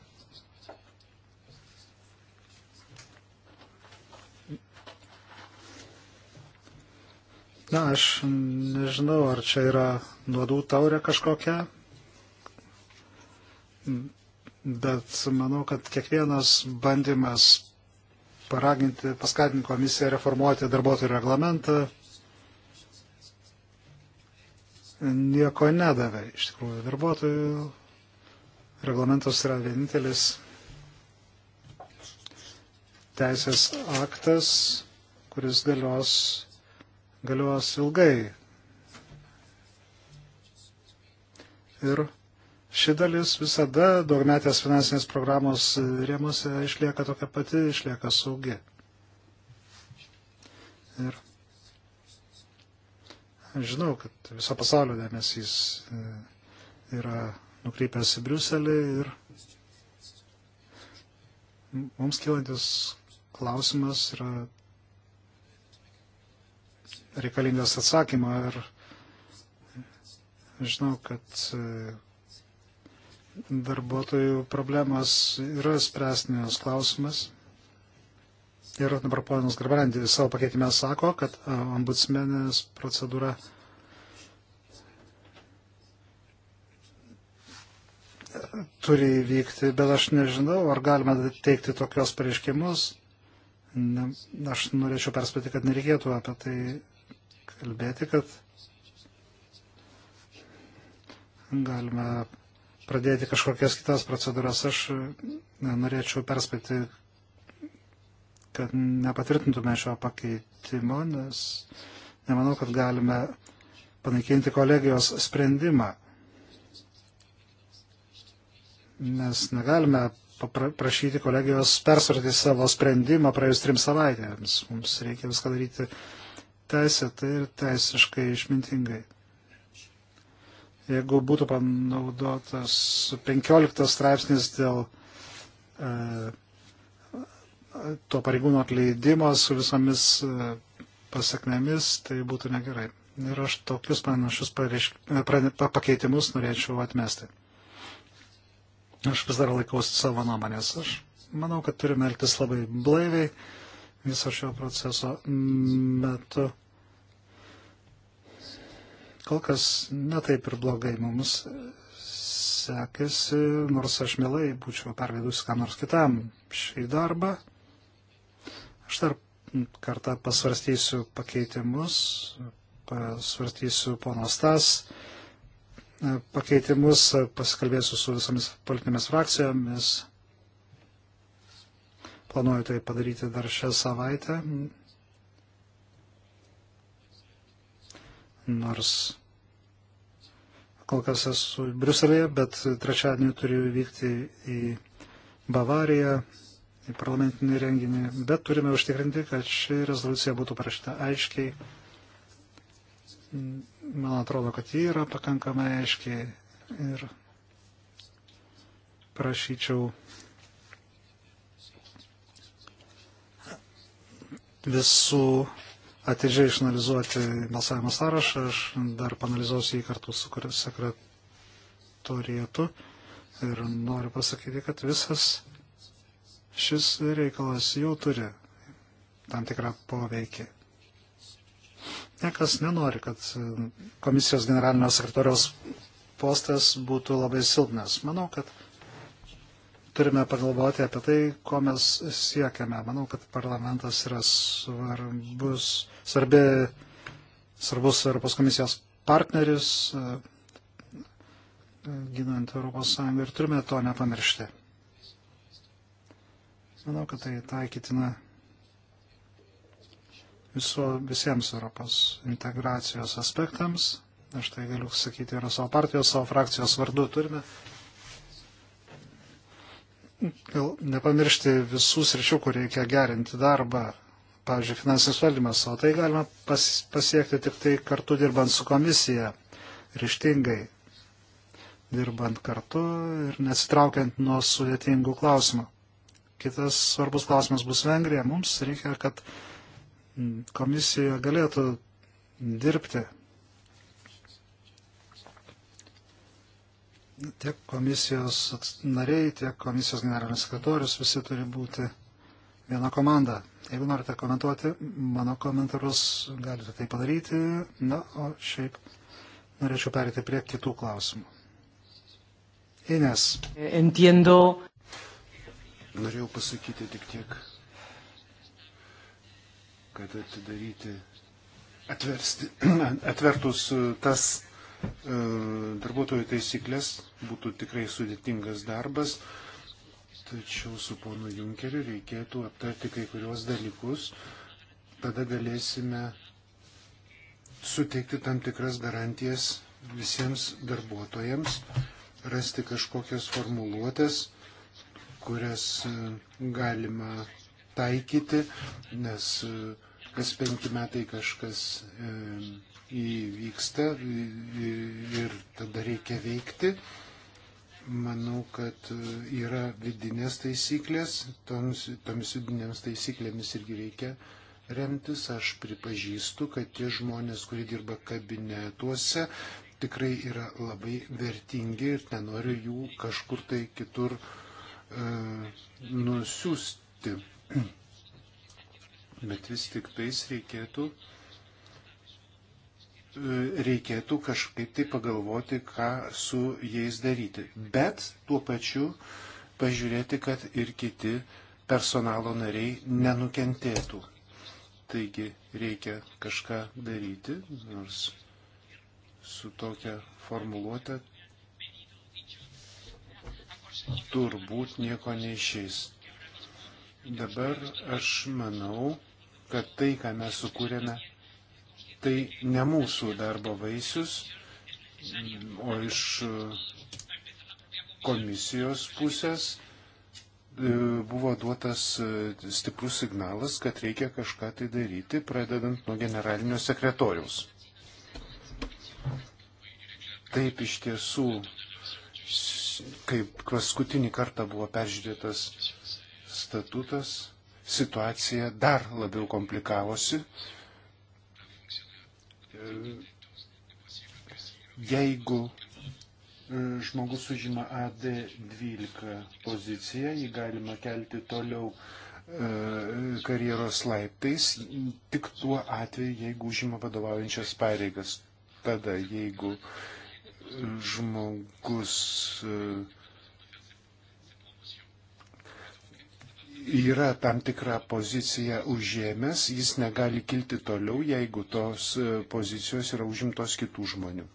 Na, aš nežinau, ar čia yra nuodų taurė kažkokia bet manau, kad kiekvienas bandymas paraginti, paskatinti komisiją reformuoti darbuotojų reglamentą nieko nedavė. Iš tikrųjų, darbuotojų reglamentas yra vienintelis teisės aktas, kuris galios, galios ilgai. Ir Ši dalis visada daugmetės finansinės programos rėmose išlieka tokia pati, išlieka saugi. Ir žinau, kad viso pasaulio dėmesys e, yra nukreipęs į Briuselį ir mums kilantis klausimas yra reikalingas atsakymą ir žinau, kad e, darbuotojų problemas yra spręstinės klausimas. Ir dabar ponas Garbrandį savo pakeitime sako, kad ombudsmenės procedūra turi įvykti, bet aš nežinau, ar galima teikti tokios pareiškimus. Ne, aš norėčiau perspėti, kad nereikėtų apie tai kalbėti, kad galime pradėti kažkokias kitas procedūras. Aš norėčiau perspėti, kad nepatvirtintume šio pakeitimo, nes nemanau, kad galime panaikinti kolegijos sprendimą. Nes negalime prašyti kolegijos persvarti savo sprendimą praėjus trim savaitėms. Mums reikia viską daryti teisėtai ir teisiškai išmintingai jeigu būtų panaudotas 15 straipsnis dėl e, to pareigūno atleidimo su visomis e, pasaknėmis, tai būtų negerai. Ir aš tokius panašius pareiš, e, prane, pakeitimus norėčiau atmesti. Aš vis dar laikausi savo nuomonės. Aš manau, kad turime elgtis labai blaiviai viso šio proceso metu kol kas netaip ir blogai mums sekėsi, nors aš mielai būčiau pervedusi kam nors kitam šį darbą. Aš dar kartą pasvarstysiu pakeitimus, pasvarstysiu pono Stas pakeitimus, pasikalbėsiu su visomis politinėmis frakcijomis. Planuoju tai padaryti dar šią savaitę, nors kol kas esu Briuselėje, bet trečiadienį turiu vykti į Bavariją, į parlamentinį renginį, bet turime užtikrinti, kad ši rezoliucija būtų parašyta aiškiai. Man atrodo, kad ji yra pakankamai aiškiai ir prašyčiau visų atidžiai išanalizuoti balsavimo sąrašą. Aš dar panalizuosiu jį kartu su sekretorietu. Ir noriu pasakyti, kad visas šis reikalas jau turi tam tikrą poveikį. Niekas nenori, kad komisijos generalinio sekretoriaus postas būtų labai silpnas. Manau, kad turime pagalvoti apie tai, ko mes siekiame. Manau, kad parlamentas yra svarbus, svarbi, svarbus Europos komisijos partneris, e, ginant Europos Sąjungą ir turime to nepamiršti. Manau, kad tai taikytina viso, visiems Europos integracijos aspektams. Aš tai galiu sakyti ir savo partijos, savo frakcijos vardu turime nepamiršti visų sričių, kur reikia gerinti darbą, pavyzdžiui, finansinis valdymas, o tai galima pas, pasiekti tik tai kartu dirbant su komisija, ryštingai dirbant kartu ir nesitraukiant nuo sudėtingų klausimų. Kitas svarbus klausimas bus Vengrija. Mums reikia, kad mm, komisija galėtų dirbti tiek komisijos nariai, tiek komisijos generalinis sekretorius visi turi būti viena komanda. Jeigu norite komentuoti mano komentarus, galite tai padaryti. Na, o šiaip norėčiau perėti prie kitų klausimų. Ines. Entiendo. Norėjau pasakyti tik tiek, kad atidaryti, atversti, atvertus tas E, darbuotojų taisyklės būtų tikrai sudėtingas darbas, tačiau su ponu Junkeriu reikėtų aptarti kai kurios dalykus, tada galėsime suteikti tam tikras garantijas visiems darbuotojams, rasti kažkokias formuluotės, kurias e, galima taikyti, nes e, kas penki metai kažkas įvyksta ir tada reikia veikti. Manau, kad e, yra vidinės taisyklės, toms, toms vidinėms taisyklėmis irgi reikia remtis. Aš pripažįstu, kad tie žmonės, kurie dirba kabinetuose, tikrai yra labai vertingi ir nenoriu jų kažkur tai kitur e, nusiųsti. Bet vis tik tais reikėtų e, E, reikėtų kažkaip tai pagalvoti, ką su jais daryti. Bet tuo pačiu pažiūrėti, kad ir kiti personalo nariai nenukentėtų. Taigi reikia kažką daryti, nors su tokia formuluotė turbūt nieko neišės. Dabar aš manau, kad tai, ką mes sukūrėme, tai ne mūsų darbo vaisius, o iš e, komisijos pusės e, buvo duotas e, stiprus signalas, kad reikia kažką tai daryti, pradedant nuo generalinio sekretoriaus. Taip iš tiesų, kaip paskutinį kartą buvo peržiūrėtas statutas, situacija dar labiau komplikavosi, jeigu e, žmogus užima AD12 poziciją, jį galima kelti toliau e, karjeros laiptais, tik tuo atveju, jeigu užima vadovaujančias pareigas. Tada, jeigu e, žmogus uh, yra tam tikrą poziciją užėmęs, jis negali kilti toliau, jeigu tos e, pozicijos yra užimtos kitų žmonių.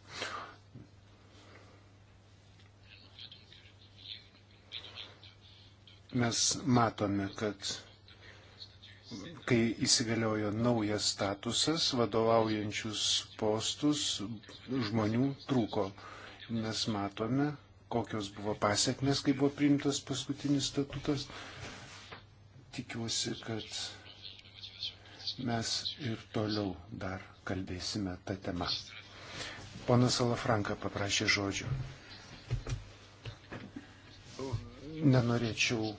Mes matome, kad kai įsigaliojo naujas statusas, vadovaujančius postus žmonių trūko. Mes matome, kokios buvo pasiekmes, kai buvo priimtas paskutinis statutas tikiuosi, kad mes ir toliau dar kalbėsime tą temą. Ponas Alafranka paprašė žodžio. Nenorėčiau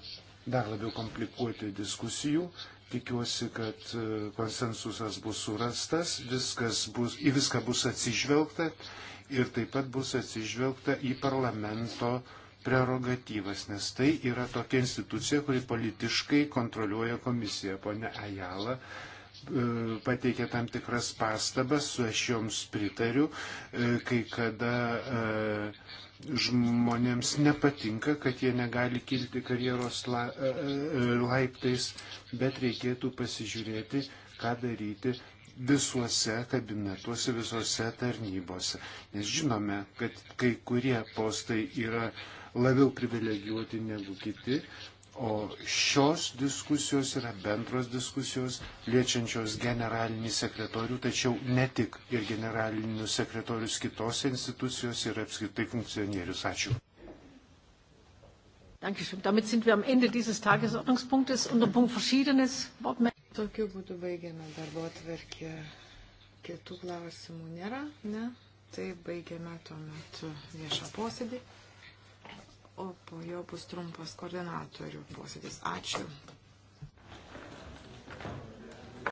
dar labiau komplikuoti diskusijų. Tikiuosi, kad e, konsensusas bus surastas, viskas bus, į viską bus atsižvelgta ir taip pat bus atsižvelgta į parlamento uh, prerogatyvas, nes tai yra tokia institucija, kuri politiškai kontroliuoja komisiją. Pone Ajala e, pateikė tam tikras pastabas, su aš joms pritariu, e, kai kada e, žmonėms nepatinka, kad jie negali kilti karjeros la, laiptais, bet reikėtų pasižiūrėti, ką daryti visuose kabinetuose, visose tarnybose. Nes žinome, kad kai kurie postai yra uh, labiau privilegijuoti negu kiti, o šios diskusijos yra bendros diskusijos, liečiančios generalinį sekretorių, tačiau ne tik ir generalinius sekretorius kitose institucijose ir apskritai funkcionierius. Ačiū. Dankeschön. Damit sind wir am Ende dieses Tagesordnungspunktes. Unter Punkt Verschiedenes. Tokiu būdu baigiame darbo atverkę. Kitų klausimų nėra, ne? Tai baigiame tuomet viešą posėdį o po jo bus trumpas koordinatorių posėdis. Ačiū.